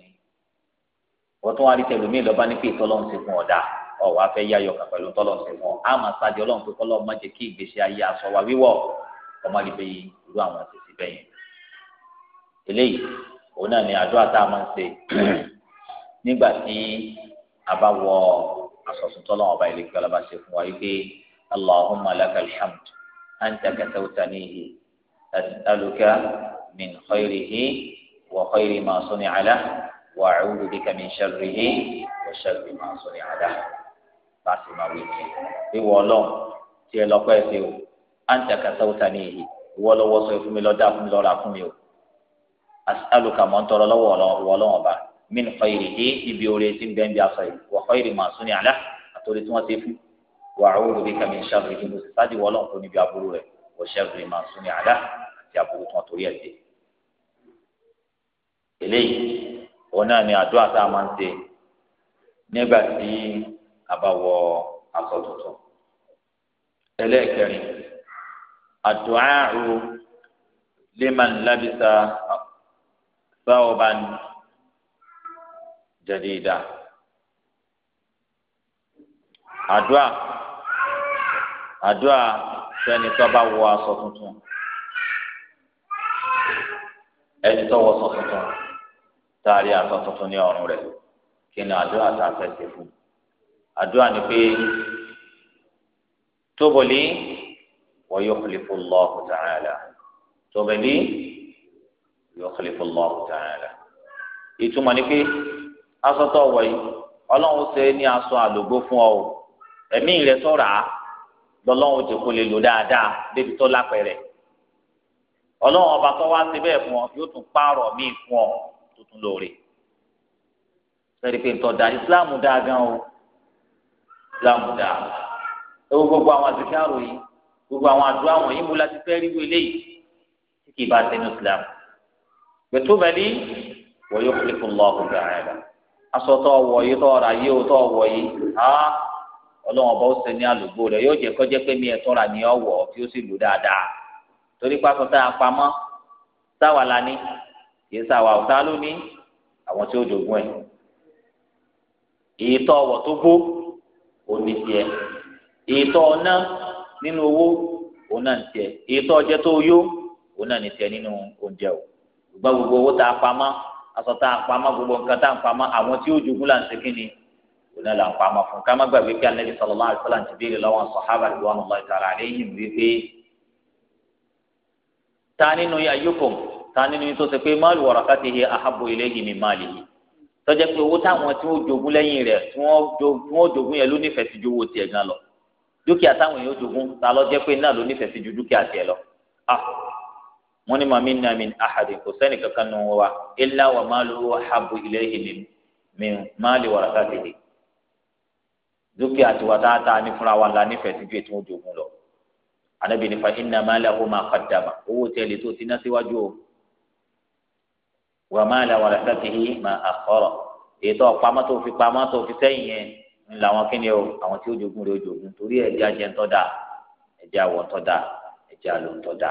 wọ́n tún wá rí tẹlómi lọ́ba ní pé tọ́lọ́run ti fún ọ̀dà ọ̀ wá fẹ́ yáyọ kà pẹ̀lú tọ́lọ́run ti fún ọ á máa sáde ọlọ́run pé kọ́lọ́ má jẹ́ kí ìgbésí ayé aṣọ wa wíwọ̀ ọmọ rí bẹ́ẹ̀ irú àwọn àtẹ̀sí bẹ́yìn. eléyìí òun náà ni àdúrà tá a máa ń ṣe *clears throat* nígbà tí a bá wọ aṣọ̀tún tọ́lọ́run ọba ilé kíkọ́ lọ́ba ṣe fún wa wípé allahumma lakal وأعوذ بك من شره وشر ما صنعته láti máa wí ni ìwọ Ọlọ́run tí ẹ lọ pẹ sí o àǹtí àkàtàwùtà ní èyí ìwọ lọ́wọ́ sọ fún mi lọ dá fún mi lọ rà fún mi o alùkà mọ ń tọrọ lọ́wọ́ ìwọ Ọlọ́run ọba mí nìkọ yìí yé ibi oore tí ń bẹ ń bí aṣọ yìí wọ ọyìrì màá sún ní àlá àtòrí tí wọn ti fún wà á wúlò bí kàmí ìṣàlùyé kí mo sì sáàdì wọ Ọlọ́run tó níbi aburú rẹ wọ ṣẹlùmí màá sún ní àlá àti aburú tí wọn torí ẹ dé eléyìí òun náà ni àdúrà tá a máa ń ṣe nígbà tí a bá wọ aṣọ tuntun ẹlẹ́ẹ̀kẹrin àdúrà ro liman labisa sáwọ́ban jadida àdúrà àdúrà sẹ́ni tó bá wọ aṣọ tuntun ẹni tó wọ aṣọ tuntun. taari aṣọ tuntun ní ọrùn rẹ̀ kí ni a fún un àdúrà ni pé tóbọlì wa yukhlifu Allahu ta'ala tóbọlì yukhlifu Allahu ìtumọ̀ ni pé aṣọ tó wọ̀ yìí ọlọ́run ṣe àlògbó fún ọ ẹ̀mí ti lè lò dáadáa débi tó lápẹ̀rẹ̀ ọba tó wá síbẹ̀ fún ọ Tuntun tún lóore sẹ́ni pé ntọ́ da ìsìláàmù dáa gan o ìsìláàmù dáa ewu gbogbo àwọn àzìkárò yìí gbogbo àwọn àdúrà wọn yìí mú láti fẹ́ rí wọlé yìí tí kì í bá sẹ́nu ìsìláàmù gbẹtú bẹ́ẹ̀ ni wọ́n yóò fi fún lọ́ọ̀kù gàrẹ́dà aṣọ tó yìí tó ra yìí tó ọlọ́wọ́n ọba ó ní àlùbọ́ rẹ̀ yóò jẹ́ kọ́jẹ́ pé mi ẹ̀ tọ́ra ni ọ̀wọ̀ tí ó sì lù dáadáa torí pásọ tá a pamọ́ kì sá wa ọ̀tá ló ní àwọn tí ó jogún ẹ̀ ètò ọwọ́ tó gbó òní tiẹ̀ ètò ọ̀nà nínú owó òun náà ní tiẹ̀ ètò ọjẹ tó yó òun náà ní tiẹ̀ nínú oúnjẹ o gbogbo gbogbo owó tá a pamọ́ aṣọ tá a pamọ́ gbogbo nǹkan tá a pamọ́ àwọn tí ó jogún là kí ni òun náà là ń pamọ́ fún ká má gbàgbé kí anabi sallallahu ayukum tani ni tó ṣe pé máàlù warakatihi ahabbu ilayhi min malihi tọ́jà pé owó táwọn tí wọ́n jogún lẹ́yìn rẹ̀ tí wọ́n jogún yẹn ló nífẹ̀ẹ́ sí ju owó tiẹ̀ gan lọ dúkìá táwọn èèyàn jogún ta lọ jẹ́ pé náà ló nífẹ̀ẹ́ sí ju dúkìá tiẹ̀ lọ. Ah! wọ́n ní ma minna min ahadin kò sẹ́ni kankan nù wa illa wa maluhu ahabbu ilayhi min máàlì warakatihi dúkìá tiwa táàtà ní fúnra wa la nífẹ̀ẹ́ sí ju ètò wọn jogún lọ. Ànábì ní fa inna lahu ma qaddama owó tiẹ̀ lè tó ti síwájú o wà má la wàlá sàkìhí má àkọrọ ètò ọ̀pamọ́ tó fi pamọ́ tó fi sẹ́yìn yẹn ń la wọn kíni o àwọn tí ó jogún rẹ ó jogún torí ẹ̀jẹ̀ ajẹ́ ń tọ́da ẹ̀jẹ̀ àwọ̀ tọ́da ẹ̀jẹ̀ àlò ń tọ́da.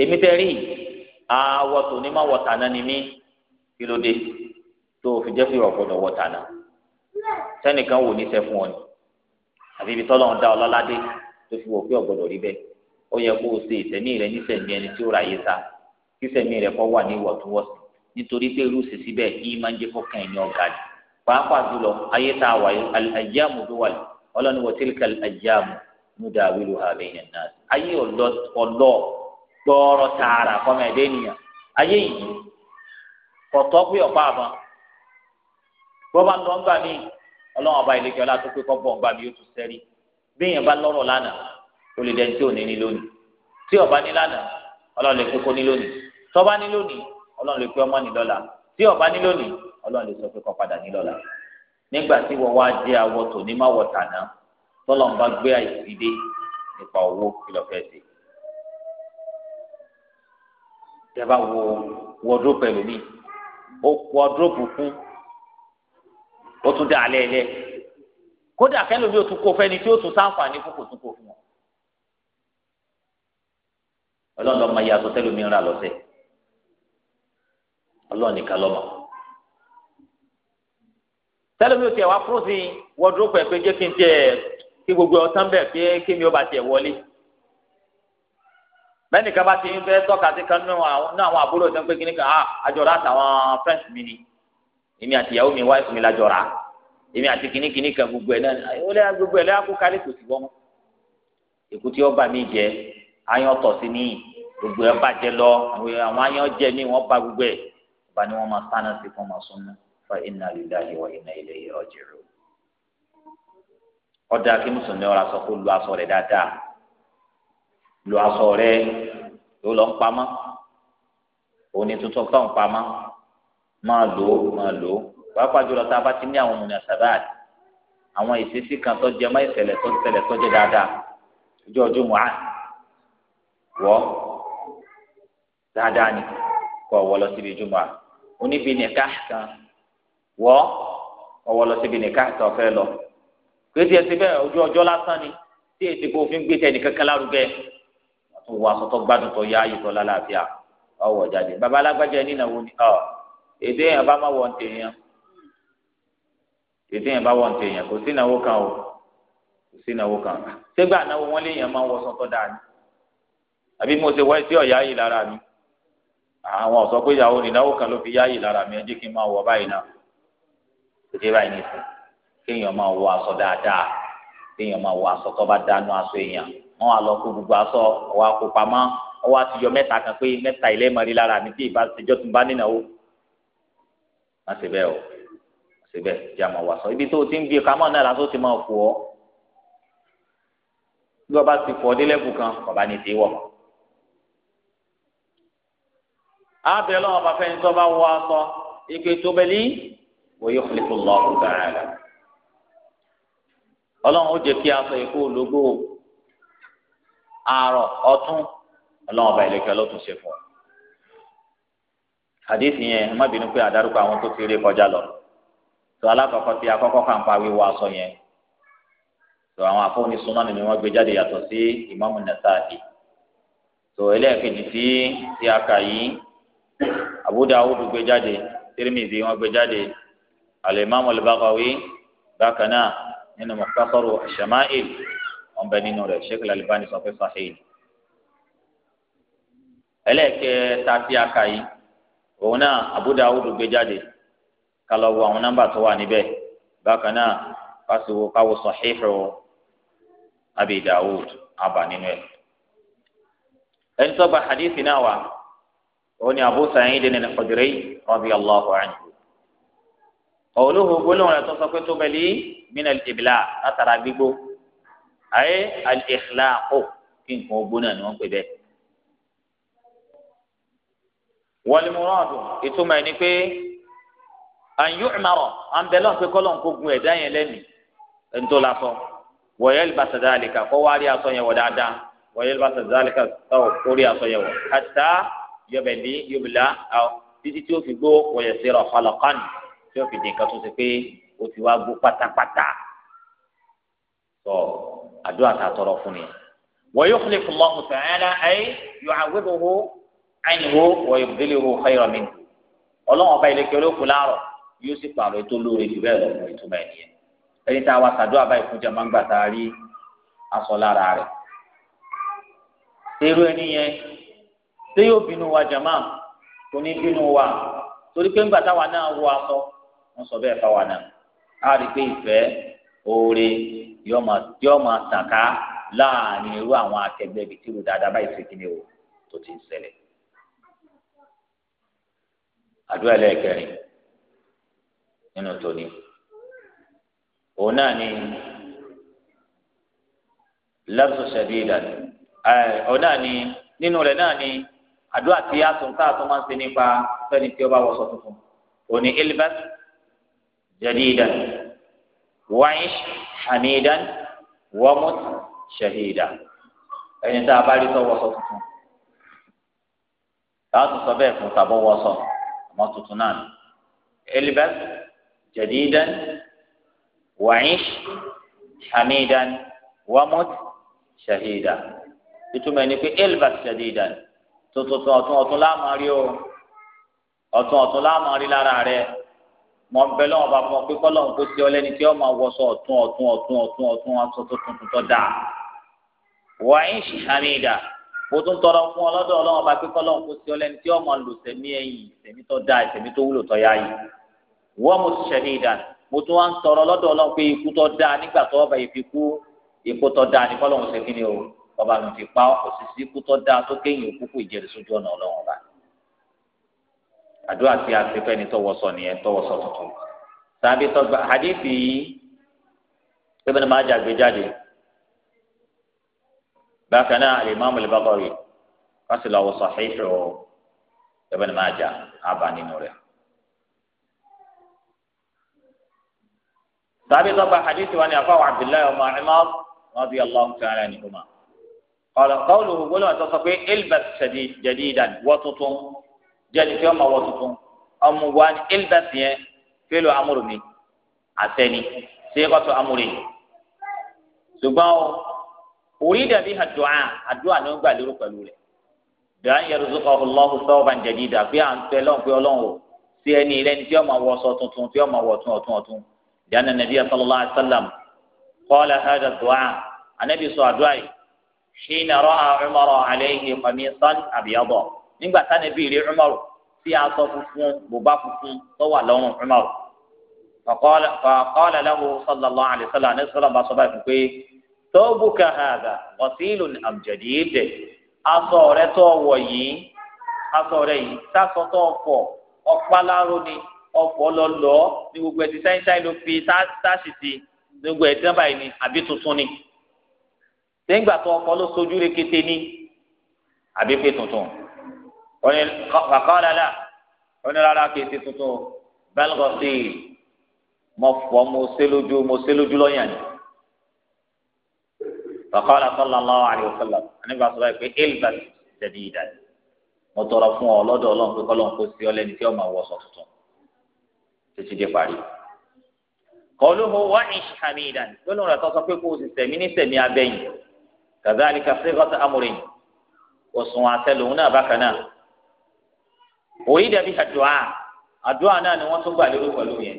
èmi tẹ́ rí àwọ̀ tó ní má wọ̀ tàná ni mí kí ló dé tó fi jẹ́ fìwà gbọ́dọ̀ wọ̀ tàná sẹ́nìkan wò ní sẹ́ fún ọ ni àbí ibi tọ́lọ́ ń dá ọlọ́ládé tó fi wọ̀ pé ọ̀gbọ́dọ̀ rí bẹ́ẹ̀ ó yẹ kó o ṣe ìsẹ̀mí rẹ nísẹ̀mí ẹni tí ó ra sa kí sẹ̀mí rẹ kọ́ wà ní ìwọ̀túnwọ̀sì nítorí pé irú sisi bẹ́ẹ̀ yìí máa ń jẹ́ fọkàn ẹ̀yìn ọ̀gá jù pàápàá jùlọ ayé tá a wà yìí alàjáàmù tó wà yìí ọlọ́ni wọ́n tilka alàjáàmù núdà wílò ààbẹ̀ yẹn náà ayé ọ̀lọ́ gbọ́ọ̀rọ̀ tààrà fọmọ ẹ̀dẹ́ nìyà ayé yìí kọ̀tọ́ pé ọ̀pá àbọ̀n bọ́ba ń lọ ń gbà mí ọlọ́wọ́n ọba ìlẹ́kẹ́ ọlá tó pé kọ́ ọlọ́run lè pé ọmọ ní lọ́la tí ọba ní lónìí ọlọ́run lè sọ pé kọ́ padà ní lọ́la nígbà tí wọ́n wá jẹ́ awọ tòní má wọ tàná tọ́lọ̀ ń bá gbé àìsí dé nípa owó kìlọ̀fẹ́ sí. ìjọba wo wọ́dúrópù ẹlòmí ó wọ́dúrópù kún ó tún dá alẹ́ ẹlẹ́ kódà kẹlòmí ó tún kó fẹ́ni tí ó tún sáǹfààní kókò tún kó fún wọn. ọlọ́run lọ́ọ́ máa yàtọ̀ tẹ́lòmí rà lọ́sẹ̀ẹ́ ọlọ́run nìkan lọ́mọ. sẹ́lẹ̀mí ò tiẹ̀ wá fún sí wọ́dúró pẹ̀ pé jẹ́ kí n tiẹ̀ kí gbogbo ọtán bẹ̀ pé kí mi ó bá tiẹ̀ wọlé. bẹ́ẹ̀ni kaba ti ń fẹ́ tọ́ka sí kan náà àwọn àbúrò tó ń pé kíní kan ah, àjọra àtàwọn friends mi ni èmi àti ìyàwó mi wife mi lájọra èmi àti kíní kíní kan gbogbo ẹ̀ náà ó lé gbogbo ẹ̀ lẹ́yà kó kálí kò sí wọ́n èkúté ọba mi jẹ ayọ́ tọ̀ sí ní gbogbo ẹ̀ bàjẹ́ lọ àwọn ayọ́ jẹ ní wọ́n ba gbogbo ẹ̀ fa ni wọ́n máa sáná sí fún ọmọ súnmọ́ fa inna lillahi wa inna ilayhi raji'un. ọ̀dà kí mùsùlùmí ọ̀rọ̀ aṣọ kó lu aṣọ rẹ̀ dáadáa lu aṣọ rẹ̀ yóò lọ ń pamọ́ òní tuntun tó ń pamọ́ máa lò ó máa lò ó pàápàá jùlọ tá a bá ti ní àwọn mùnà sàbáàdì àwọn ìṣesí kan tó jẹ mọ́ ìṣẹ̀lẹ̀ tó ṣẹlẹ̀ tó jẹ dáadáa ojú ọjọ́ mọ́ àná wọ́ dáadáa ni kọ́ ọ lọ síbi jùmọ̀ àná oníbi nìka kan wọ ọwọ lọ síbi nìka kan fẹ lọ kéde ẹsẹ bẹ́ẹ̀ ojú ọjọ́ lásán ni tí èsì kò fi ń gbé tẹ nìkan kan lárugẹ wọn tún wọ asọtọ gbádùn tó yá ayetọ lálàáfíà ọwọ jáde baba alágbájá ẹni náà wò ni ọ èdè yẹn bá má wọ ntẹ yẹn èdè yẹn bá wọ ntẹ yẹn kò sí ìnáwó kan o kò sí ìnáwó kan ṣégbà náà wọn lé yẹn máa wọ sọtọ dáa ni àbí mo ṣe wọ ẹsẹ ọyá yìí lára mi àwọn ọ̀sọ́ pé ìyàwó ìnáwó kan ló fi yáyè lára mi ẹ jẹ́ kí n máa wọ báyìí náà ìdí báyìí nìsín kéèyàn máa wọ aṣọ dáadáa kéèyàn máa wọ aṣọ tó bá dánú aṣọ èèyàn wọn á lọ kó gbogbo aṣọ ọwọ́ akópamọ́ ọwọ́ àtijọ́ mẹ́ta kan pé mẹ́ta ilé mọ̀rí lára mi tí ìbá ṣèjọ́ tún bá nínáwó má ṣe bẹ́ẹ̀ o má ṣe bẹ́ẹ̀ jẹ́ àmọ́ wọ aṣọ ibi tó o ti ń gbé kamọ́ náà lásán ti máa fò ọ́ bí wọ́n ti fọ́ délẹ́kùn àbẹ ọlọ́wọ́n bá fẹ́ni tó bá wọ aṣọ ìpè tó bẹ lí wọ́n yóò fi kún lọ́ọ̀kú dáadáa ọlọ́wọ́n ó jẹ́ kí aṣọ ikú ológbò àárọ̀ ọ̀tún ọlọ́wọ́n bá ilé kí ọlọ́tún ṣe fún ọ. àdéhùn yẹn má bínú pé àdárúkọ àwọn tó ti rí kọjá lọ tó alákọ̀ọ́kọ́ ti akọ́kọ́ kà ń pa wíwọ aṣọ yẹn tó àwọn afọ́ni súnmọ́ni ni wọ́n gbé jáde yàtọ̀ sí Imam Nasa'i tó ẹlẹ́ẹ̀kejì tí tí a kà yìí. Abu Dawud gbé jáde Tirmidhi wọn gbé jáde Al-Imam Al-Baghawi bákan náà nínú Mukhtasaru Ash-Shama'il wọn bẹ nínú rẹ̀ Sheikh Al-Albani sọ pé sahih ẹlẹ́ẹ̀kẹ́ tàbí akayi òun náà Abu Dawud gbé jáde kálọ̀ àwọn nọ́mbà tó wà níbẹ̀ bákan náà fásiwò káwọ sahihu Abi Dawud abà nínú ẹ̀ ẹni gba hadithi náà wà òun ni Abu Sa'id al-Khudri radiyallahu anhu olóhùn gbólóhùn rẹ̀ tó sọ pé tó bẹ̀lí mina ìbílà látara gbígbó ayé al-ikhlaqu kí nǹkan ogbó náà ni wọ́n pè bẹ́ẹ̀. wal-muradu ìtumọ̀ ẹni pé ànyúmọ̀rọ̀ àǹbẹ̀lọ́ pé kọ́lọ̀ ń kó gun ẹ̀dá yẹn lẹ́nu ntòlasọ wọ̀yẹ́lì bá sàdálìkà kọ́ wá rí aṣọ yẹn wọ̀ dáadáa wọ̀yẹ́lì bá sàdálìkà sọ̀ kó rí aṣọ yẹn wọ̀ kàtà yọbẹ̀lì yọbìlà títí tí ó fi gbó wọ̀yẹ̀sẹ̀ rọ̀ kọlọ̀kọ́nì tí ó fi di nǹkan tó ṣe pé ó ti wá gbó pátápátá tọ àdúrà tá a fún ni. wọ́n yóò fún ìfúnmọ́ ọ̀sán ẹ̀rọ ayé yóò àwébò wo àyìnbó wọ́n yóò délé wo xeyọ̀ mi. ọlọ́run ọba ìlẹ̀kẹ́ olókùn láàrọ̀ yóò sì pààrọ̀ ètò olóore jù bẹ́ẹ̀ lọ ìtumọ̀ ẹ̀nìyẹn. ẹni tá a wá sàdúrà báyìí fún jẹ́ máa ń gbà tá a rí aṣọ lára rẹ̀. irú ẹni yẹn ṣé yóò bínú wa jama kò ní bínú wa torí pé ńgbà táwa náà wọ aṣọ wọn sọ bẹ́ẹ̀ fáwa rí pé ìfẹ́ oore yóò máa tàn ká láàrin irú àwọn ibi tí irú dáadáa báyìí ṣe o tó ti ń àdúrà ẹlẹ́ẹ̀kẹrin nínú tòní òun àdúrà tí a tún táà tún máa ń ṣe nípa fẹ́ni tí ó bá wọṣọ tuntun òní ilbas jadidan wa'ish hamidan wamut shahida ẹni tá a bá rí tó wọṣọ tuntun táà tún sọ bẹ́ẹ̀ fún tàbọ̀ wọṣọ àmọ́ tuntun náà ilbas jadidan wa'ish hamidan wamut shahida ìtumọ̀ ẹni pé ilbas jadidan tuntun ọ̀tún ọ̀tún láàmú rí o ọ̀tún ọ̀tún láàmú rí lára rẹ mọ bẹ lọ́wọ́ bá fún ọ pé kọ́lọ́hún kó ti ọ lẹ́ni tí ó máa wọṣọ ọ̀tún ọ̀tún ọ̀tún ọ̀tún ọ̀tún aṣọ tó tuntun tó dáa wàá ń ṣì hàmìdà mo tún tọrọ fún ọ lọ́dọ̀ ọlọ́wọ́ bá pé kọ́lọ́hún kó ti ọ lẹ́ni tí ó máa lò sẹ́mi ẹ̀yìn sẹ́mi tó dáa sẹ́mi tó wúlò tó yá yìí wọ́n mo ti ṣẹ̀dídà mo tún wá ń tọrọ lọ́dọ̀ ọlọ́wọ́ pé ikú tó dáa nígbà tó ọba ìfikú ikú tó dáa ní kọ́lọ́hún ṣe kí ni o ọba mi fi pa ọkọ sisi kú tó dáa tó kéyìn òkúkú ìjẹrìí sójú ọ̀nà ọlọ́run ọba àdúrà tí a ti fẹ́ni tọwọ́sọ nìyẹn tọwọ́sọ tuntun tàbí tọgbà hadithi yìí pépé ni máa jà gbé jáde bákan náà alimami al-Bukhari wọ́n sì lọ́wọ́ sahihu pépé ni máa jà ábà nínú rẹ̀. tàbí tọgbà hadithi wa ni afa wa abdullahi wa ma'amad radiyallahu ta'ala anhuma ọ̀rọ̀ kọ́ọ̀lù gbọ́dọ̀ àti sọ pé elbas jadidan wọ́ tuntun jẹ́ni tí wọ́n máa wọ́ tuntun ọmọ wa ni elbas yẹn fẹ́lẹ̀ amúrò mi àtẹni ṣé kọ́tọ̀ amúrè ṣùgbọ́n orí dàbí àdúrà àdúrà ni wọ́n gbà lérò pẹ̀lú rẹ̀ dàn yarzuqahu Allahu thawban jadida pé à ń tẹ lọ́n pé ọlọ́run o sí ẹni lẹ́ni tí wọ́n máa wọ sọ tuntun tí wọ́n máa حين رأى عمر عليه Umar tí a sọ funfun bùbá funfun tó Umar فقال له صلى الله عليه وسلم ní sọlá bá sọ báyìí fún pé ثوبك هذا غسيل أم جديد aṣọ rẹ tó wọ̀ yìí yi rẹ yìí sásọ tó fọ̀ ọpáláró ni ọ̀fọ̀ lọlọ gbogbo ẹ ti sáyẹnsáyẹn ni àbí sẹ́yìngbà tó ọkọ ló sojú rẹ̀ kété ní àbí pé tuntun oní kàkọ́lẹ́lá oní rárá kété tuntun bẹ́lgọ́sì mo fọ́ mo sé lójú mo sé lójú lọ́yàn ni kàkọ́lẹ́ sallallahu alaihi wasallam àníbà sọ̀rọ̀ pé elbas tẹ̀lé ìdájọ́ mo tọrọ fún ọ lọ́dọ̀ Ọlọ́run pé kọlọrun kó sí ọ tí ó máa wọṣọ tuntun títí dé parí. kọlóhùn wá ní hamidan gbólóhùn rẹ tó sọ pé kó o sì sẹmí ní sẹmí abẹ́yìn kàdáàlìkà sígọ́tà amúrin òsùn àtẹlùmù náà bákan náà òyì dàbí àdúrà àdúrà náà ni wọ́n tún gbà lérò pẹ̀lú yẹn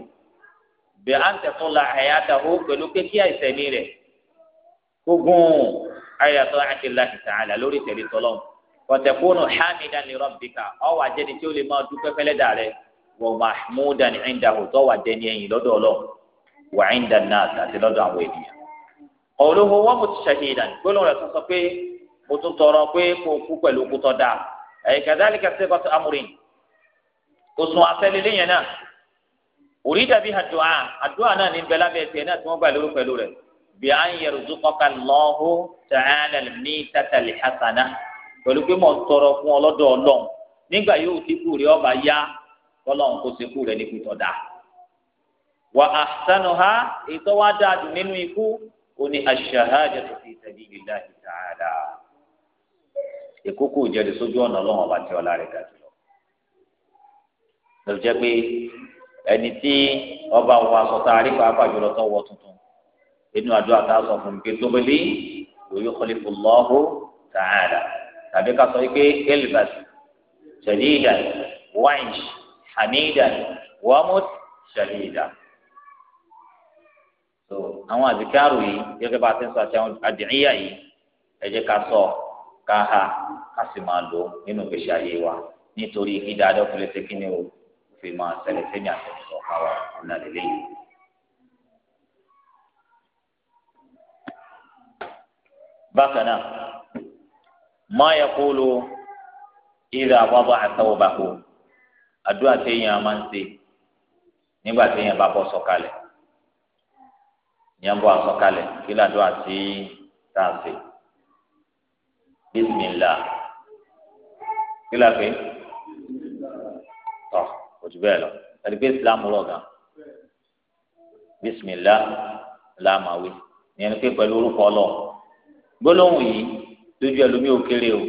bẹ́ẹ̀ à ń tẹ̀sán la àyàtà ó pẹ̀lú kékí àìsẹ̀mí rẹ̀ gbógun àyàtà àti làkìtà àlà lórí tẹ̀lé tọ́lọ́m wọ́tẹ̀kùnù hàmìdá ni rọ́bìkà ọ̀wà jẹni tí ó lè máa dúpẹ́ fẹ́lẹ́ dà rẹ̀ wọ́n mahmudan ìndàhùn tọ́wà jẹni ẹ̀yìn lọ́dọ̀ ọlọ́run wà ìndà náà àti lọ́dọ̀ àwọn ènìyàn. ọlọ́wọ́ wọn mo ti ṣàhìdàn gbólóhùn rẹ̀ sọ pé mo tún tọrọ pé kó kú pẹ̀lú kú tọ́ ẹ̀yìn kàdáàlì kàṣẹ́ kọ́ amúrin kò sùn afẹ́lélé yẹn náà dàbí àdúrà àdúrà náà ní bẹ́lá bẹ́ẹ̀ tiẹ̀ náà tí wọ́n gbà lórí pẹ̀lú rẹ̀ bí ń yẹrù tààlà ní tàtàlì hasana pẹ̀lú pé mo tọrọ ó ní aṣ-ṣahādatu fī sabīlillāhi ta'ālā ìkókó ìjẹ́rìí sójú ọ̀nà ọlọ́run ọba tí ọlá rẹ̀ ga jùlọ. lọ́jọ́ pé ẹni tí ọba wọ aṣọ tá a rí pàápàá jùlọ tó wọ tuntun inú àdúrà tá a fún mi pé tóbélé lóyún kọlífù lọ́hù ta'ala tàbí ká sọ pé elbas shadidan wáìnì hanidan wàmúd shadidan. àwọn àdìkárò yìí gẹ́gẹ́ bá a ti ń sọ àti àwọn àdìríyà yìí ẹ ká sọ ká ha ká sì máa lò nínú ìgbésí ayé wa nítorí kí dáadọ́ fi lè ṣe kí ni o fi máa ṣẹlẹ̀ sẹ́yìn káwa ọ̀nà bákan náà máa yẹ kó lo àbábọ̀ bàkó àdúrà téèyàn máa ń ṣe nígbà téèyàn bá bọ́ sọ̀kalẹ̀. ìyẹn bọ́ àsọkalẹ̀ kí ládùn àti tààfẹ́ bísímìlá kí láfẹ́ tọ́ kò jù bẹ́ẹ̀ lọ ẹni pé islam rọ̀ gan bísímìlá làmàwí ìyẹn ni pé pẹ̀lú orúkọ ọlọ́run gbólóhùn yìí lójú ẹlòmíì ò kéré o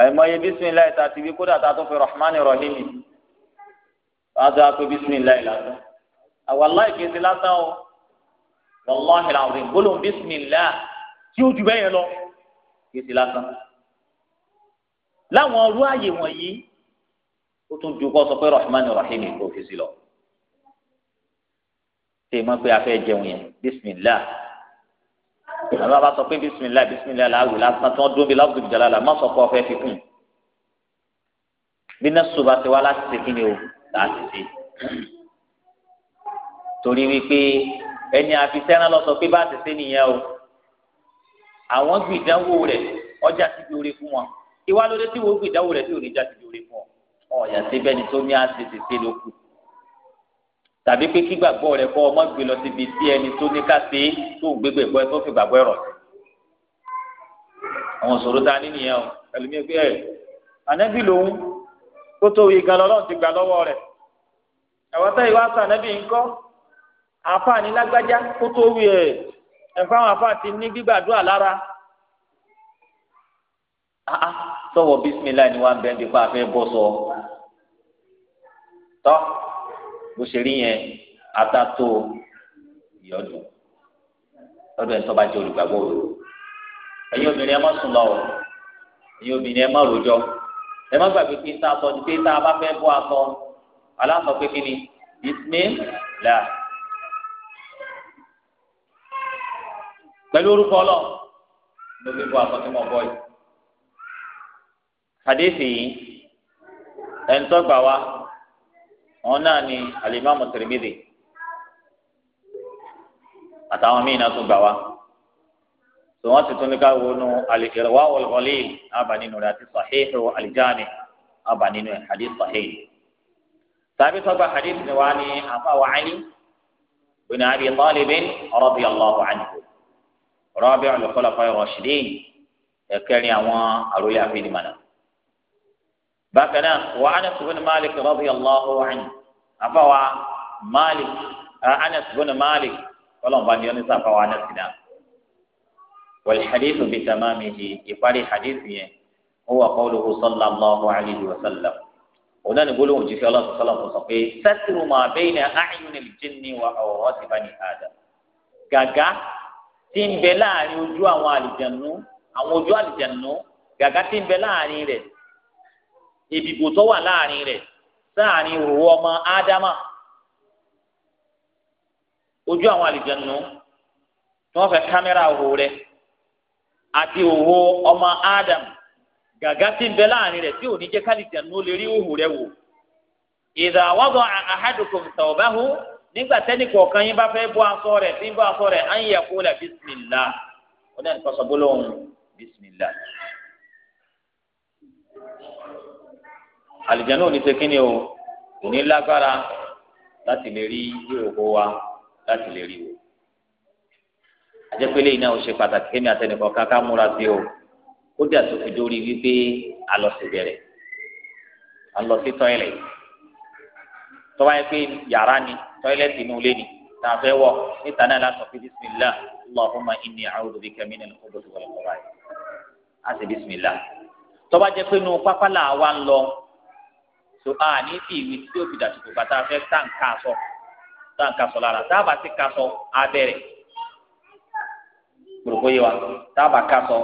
àìmọye bísímìlá ìta ti wí kódà tá a tún fi rahman rahim àti àpé bísímìlá ìlànà àwàlá ìkéde lásán o wàláhì làwọn gbólóhùn bísímìlá tí ó ju bẹ́ẹ̀ yẹn lọ kéde lásán láwọn ọrú àyè wọ̀nyí ó tún ju kọ́ sọ pé rahman rahim kò fi sí lọ tẹ mọ̀ pé a fẹ́ jẹun yẹn bisimilá àwọn bá sọ pé bisimilá bisimilá la wò lásán tí wọn dún bí lábùdó jàlá la má sọ pé ọfẹ fi kún bí náà sọ bá ti wá láti ṣe kí ni o láti ṣe torí wípé ẹni àfisẹ́ràn lọ sọ pé bá ti ṣe nìyẹn o àwọn gbìdánwò rẹ̀ ọjà ti di orí fún wọn ìwà lóde tí wọ́n gbìdánwò rẹ̀ tí ò ní ti di orí fún ọ ọ̀yà síbẹ̀ ni tó ní àṣìṣe ṣe ló kù tàbí pé kí gbàgbọ́ rẹ̀ kọ́ ọmọ gbé lọ síbi tí ẹni tó ní ká ṣe é tó gbégbé gbọ́ ẹ tó fi gbàgbọ́ ẹ̀rọ sí àwọn sòrò ta ní nìyẹn o ẹlòmíín pé ẹ ànábì lòun tó tó yìí gan lọ́lọ́run ti gbà lọ́wọ́ rẹ̀ ẹ̀wọ́n tẹ́ ìwà sànábì ńkọ́ àǹfààní lágbájá kó tó wí ẹ ẹnfà àwọn àǹfààní ti ní gbígbàdúrà lára ah, ah, sọwọ bisimilayi ni wọn bẹ ń di pa àfẹ bọ sọ tọ bó ṣe rí yẹn atato ìyọdún lọ́dọ̀ ẹni tó bá jẹ́ olùgbàgbọ́ òru ẹ̀yin obìnrin ẹ má sùn lọ o ẹ̀yin obìnrin ẹ má rojọ́ ẹ má gbàgbé pé tá a sọ ni pé tá a bá fẹ́ bọ́ aṣọ aláṣọ pé kí ni pẹ̀lú orúkọ ọlọ́ lórí bó aṣọ tí mo bọ́ yìí. hadisi yìí ẹ̀ńtọ́gbà wa wọn náà ni alimami Tirmidhi àtàwọn míì náà tún gbà wá tó wọn ti tún ní ká wọnú al-Irwa wal-Ghalil àbá nínú rẹ̀ àti Sahihu al àbá nínú rẹ̀ hadith sahih tàbí tọ́gbà hadith ni wàá ní àfa wa Ali bin Abi Talib radiyallahu anhu rabi'u al-khulafa'i ar-rashidin ẹ̀kẹrin àwọn àròlé àfẹnimọ̀nà. bákan náà wà Anas ibn Malik radiyallahu anhu àfàwà Malik Anas ibn Malik kọlọmọba ni ọni sàfàwà Anas náà. والحديث بتمامه يفاري حديثه هو قوله صلى الله عليه وسلم هنا نقول جزي الله صلى الله عليه وسلم ستر ما بين أعين الجن وعورات بني آدم gàgà tí ń bẹ láàrin ojú àwọn àlìjànú àwọn ojú àlìjànú gàgá tí ń bẹ láàrin rẹ̀ ìbìbò tó wà láàrin rẹ̀ sáàrin òwò ọmọ ádámà ojú àwọn àlìjànú tí wọ́n fẹ́ kámẹ́rà òwò rẹ̀ àti òwò ọmọ ádámà gàgá tí ń bẹ láàrin rẹ̀ tí ò ní jẹ́ kálíjànú lè rí òwò rẹ̀ wò ìdàwọ́dọ̀ àhádùkùn tàwọ́báhùn nígbà tẹ́ni kọ̀ọ̀kan yín bá fẹ́ bọ́ aṣọ rẹ̀ tí ń bọ́ aṣọ rẹ̀ á ń yẹ kó lẹ̀ bísímìlá ó náà nìkan sọ gbólóhùn bísímìlá. àlìjáná ò ní ṣe kíni o kò ní lágbára láti lè rí ìhòòhò wa láti lè rí o. àjẹpẹ́lẹ́ iná ò ṣe pàtàkì kémi àtẹnìkọ̀ ká ká múra sí o kódà tó fi dórí wípé alọ́sì bẹ̀rẹ̀ alọ́sì tọ́ìlẹ̀ tọ́wáyé pé yàrá ni tọ́ílẹ̀tì inú ilé ni tá a fẹ́ wọ̀ níta náà la sọ pé bisimilá allahumma inni a'udhu bika min al-khubuthi wal khaba'ith á sì bisimilá tọ́ba jẹ́ pé inú pápá là wà ń lọ so a ní ti ìwé tí ó fi dàtúkù bàtà fẹ́ tá n ká sọ tá n ká sọ lára tá a bá ti ká sọ á bẹ̀rẹ̀ gbogbo yẹ wa tá a bá ká sọ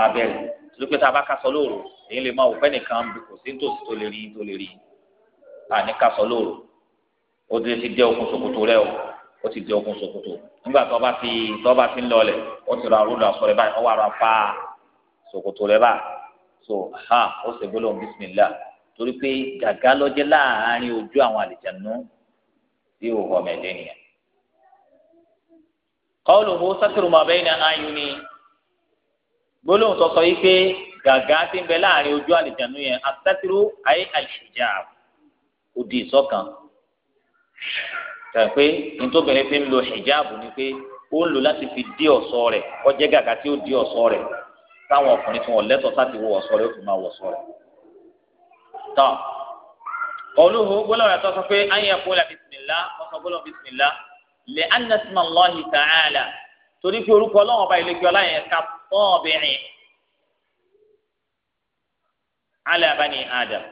á bẹ̀rẹ̀ lókè tá a bá ká sọ lóru èyí lè máa wò fẹ́ nìkan kò sí nítòsí tó lè rí tó lè rí à ní ká sọ lóru o ti ti dẹ okùn ṣòkòtò rẹ o o ti dẹ okùn ṣòkòtò nígbà tó bá ti tó bá ti ń lọlẹ̀ o ti ra rúdà sọ rẹ báyìí o wà ra fa ṣòkòtò rẹ báyìí so ha o sì gbọ́dọ̀ bisimilá torí pé gàgá lọ́jẹ́ láàárín ojú àwọn àlìjánu tí o wọ̀ mẹ́lẹ́ nìyẹn. qawluhu sátìrù ma bayna ayuni gbólóhùn sọsọ yìí pé gàgá ti ń bẹ láàárín ojú àlìjánu yẹn asátìrù ayé al-hijab òdì ìsọ̀kan tẹ̀ pé ntòbìnrin fi ń lo hijabu ni pé ó ń lò láti fi dí ọ̀ṣọ́ rẹ̀ kọjá gàgà tí ó dí ọ̀ṣọ́ rẹ̀ táwọn ọkùnrin tí wọ́n lẹ́tọ̀ọ́ sáti wọ ọ̀ṣọ́ rẹ̀ ó fi máa wọ ọ̀ṣọ́ rẹ̀. tọ́ olùhùn gbọ́dọ̀ rẹ̀ tọ́ sọ pé ayé kó la bisimilá wọ́n sọ gbọ́dọ̀ bisimilá lè anasimallahi ta'ala torí pé orúkọ ọlọ́wọ́n ọba ilé kí ala bani adam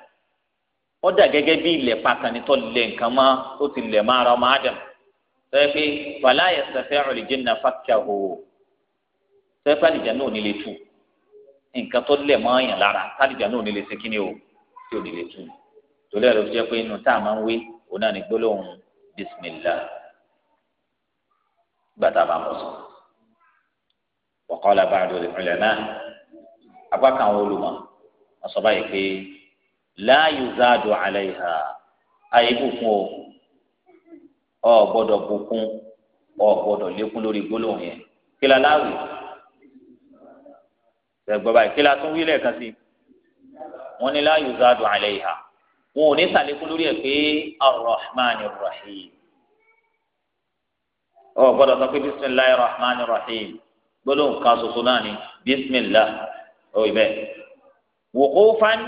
ọdà gẹ́gẹ́ bí ilẹ̀ pàtàkì tó lẹ̀ nǹkan mọ́ ó ti lẹ̀ mọ́ ara ọmọ adam sọ́yẹ́ pé fàlà yẹsẹ̀fẹ́ ọ̀lẹ́jẹ̀nà fàkìyàwó sọ́yẹ́ pé àlìjá náà nílé tù nǹkan tó lẹ̀ mọ́ àyàn lára àlìjá náà nílé ṣe kíni o tí ò nílé tù torí ẹ̀rọ fi jẹ́ pé inú tá a máa ń wé òun náà ní gbólóhùn bisimilá gbàtà bá mọ̀ sọ wọ́kọ́ làbáyé lórí ìpínlẹ̀ náà apá kan wọ́n lù mọ́ láàyò záàdù àlẹ́ ìhà ayé bùkún o ọ gbọ́dọ̀ bùkún ọ gbọ́dọ̀ lékún lórí gbólóhùn yẹn kí la láwì ṣẹgbọn báyìí kí la tún wí lẹ́ẹ̀kan sí wọn ní láàyò záàdù àlẹ́ ìhà wọn ò ní sàlékún lórí ẹ pé arrahman rahim ọ gbọ́dọ̀ sọ pé bisimilahi rahman rahim gbólóhùn kan ṣoṣo náà ni bisimilah ọ ìbẹ wòkó fani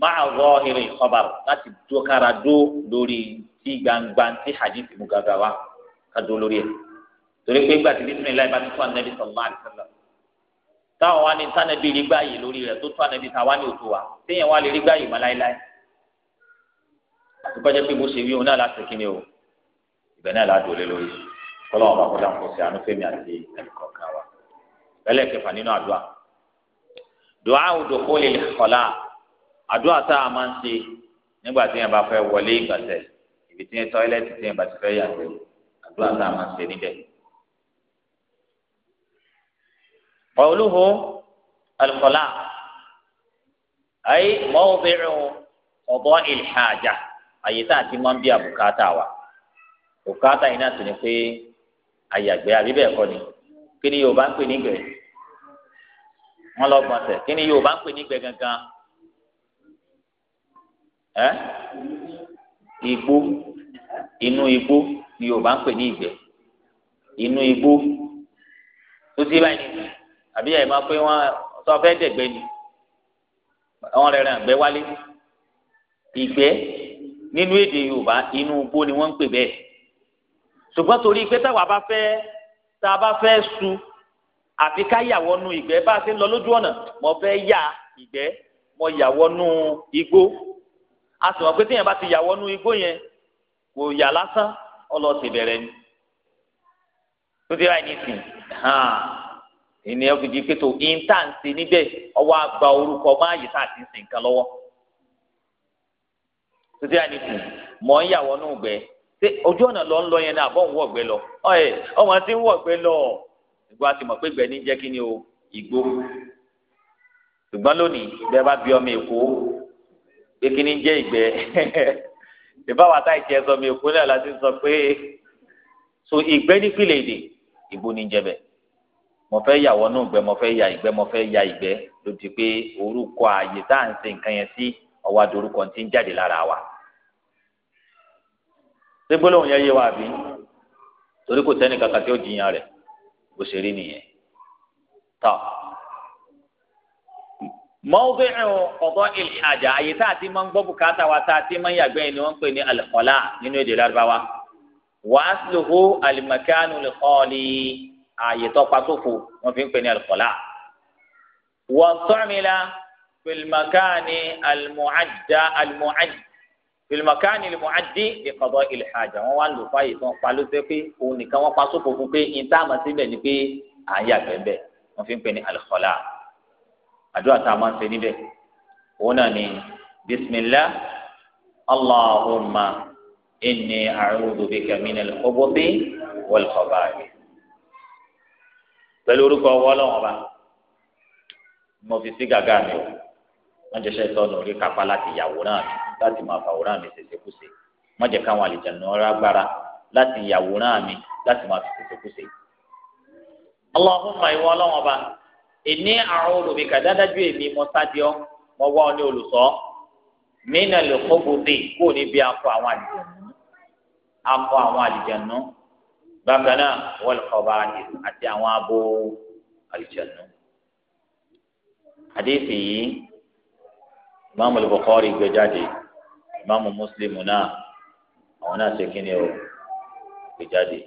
máa wọ eré ìkọbàrò láti dó kára dó lórí tí gbangba tí hadith mú gàgà wá ká dó lórí ẹ̀ torí pé gbàtí bisimilayi bá ti fún anabi sallallahu alaihi wasallam táwọn wá ní tánàbí rí gbáyé lórí rẹ̀ tó tó anabi táwa ní òtò wa téèyàn wá lè rí gbáyé mọ́ láéláé àtúkọ́ jẹ́ pé bó ṣe wí òun náà láti kíni o ibẹ̀ náà láti òlé lórí kọ́lọ́wọ́n bá kọ́lá kó ṣe àánú fẹ́mi àti ẹnìkan kan wa ẹlẹ́kẹfà nínú àdúrà dùá àdúrà tá a máa ń ṣe nígbà tí yẹn bá fẹ́ wọlé ìgbàsẹ̀ ibi tí yẹn tọ́ílẹ̀tì tí yẹn bá ti fẹ́ yàgbẹ́ àdúrà tá a máa ń ṣe níbẹ̀. qawluhu al-khala ay mawdi'u qada'i al-haja àyè tá a ti máa ń bí àbùkátà wa bùkátà yìí náà tún ni pé àyàgbẹ́ àbí bẹ́ẹ̀ kọ́ ni kí ni Yorùbá ń pè nígbẹ́ wọn lọ gbọ̀nsẹ̀ kí ni Yorùbá ń pè nígbẹ́ gangan ẹ igbó inú igbó ni Yorùbá ń pè ní ìgbẹ́ inú igbó tó ti báyìí nìyí àbí ẹ máa pé wọn sọ fẹ́ dẹ̀gbẹ́ ni àwọn rẹ̀ rẹ̀ àgbẹ̀ wálé ìgbẹ́ nínú èdè Yorùbá inú igbó ni wọ́n ń pè bẹ́ẹ̀ ṣùgbọ́n torí pé táwa bá fẹ́ tá a bá fẹ́ su àfi ká yàwọ́nú ìgbẹ́ bá a ṣe ń lọ lójú ọ̀nà mo fẹ́ ya ìgbẹ́ mo yàwọ́nú igbó a sì mọ̀ pé téèyàn bá ti yà wọnú igbó yẹn kò yà lásán ọlọ́ọ̀sì bẹ̀rẹ̀ ni tó ti ráì nísìn ènìyàn fi di pé tó íńtáǹsì níbẹ̀ ọwọ́ àgbà orúkọ máa yìí tá a ti ń sìn nǹkan lọ́wọ́ tó ti ráì nísìn mọ̀ ń yà wọnú ìgbẹ́ ṣé ojú ọ̀nà lọ ń lọ yẹn náà àbọ̀ ń wọ̀gbẹ́ lọ ọ̀ẹ́ ọmọ tí ń wọ̀gbẹ́ lọ ìgbà tí mọ̀ pé gbẹ̀ ní jẹ́ kí ni o ìgbó ṣùgbọ́n lónìí bẹ́ẹ̀ bá bí ọmọ èkó pé kí ni jẹ́ ìgbẹ́ *laughs* ìbáwá táì tiẹ̀ sọ mi òkú náà láti sọ pé so ìgbẹ́ ní pìlẹ̀ èdè ìbò ní jẹbẹ̀ mo fẹ́ yàwọ́ nù gbẹ mo fẹ́ ya ìgbẹ́ mo fẹ́ ya ìgbẹ́ ló ti pé orúkọ ààyè tá à ń ṣe nǹkan yẹn sí ọwọ́ adorúkọ ti ń jáde lára wa ṣé gbólóhùn yẹn yé wa àbí torí kò sẹ́ni kankan tí ó jiyàn rẹ̀ bó ṣe rí nìyẹn tọ́ mọ́wúdìrì ọ̀dọ́ ìlhàjà àyè tá a ti máa ń gbọ́ bùkátà wa tá a ti máa ń yàgbẹ́ ni wọ́n ń pè ní alìkọ́lá nínú èdè lárúbáwá wàásùlùkù alìmọ̀kánù lìkọ́ọ̀lì àyè tọ́pa sófo wọ́n fi ń pè ní alìkọ́lá. wàtọ́mìlá fìlmọ̀kánì alìmọ̀àjà alìmọ̀àjì fìlmọ̀kánì alìmọ̀àjì ìkọ̀dọ̀ ìlhàjà wọ́n wá lò fáyè tó ń pa àdúrà tá a máa ń ṣe níbẹ̀ òun náà ni bisimilah allahumma inni a'udhu bika minal khubuthi wal khaba'ith pẹ̀lú orúkọ wọ́lọ́ wọn bá mo fi sí gàgà mi o wọ́n jẹ́ sẹ́yìn tọ́nu orí kápá láti yàwòrán mi láti máa fàwòrán mi ṣèṣekúṣe wọ́n jẹ́ káwọn àlejànú ọ̀rọ̀ agbára láti yàwòrán mi láti máa fi ṣèṣekúṣe. allahumma ìwọ ọlọ́wọ́n bá ìní àwọn olùmíkà dáadájú èmi mọ sádìọ mọ wá ọ ní olùsọ mínà lè kó gbòdì kó níbi akọ àwọn àlìjẹnú akọ àwọn àlìjẹnú bákan náà wọlé kọba àti àwọn abo àlìjẹnú. àdéhìí yìí ìmáàmù Bukhari gbé jáde ìmáàmù Muslim náà àwọn náà ṣe kí ni o gbé jáde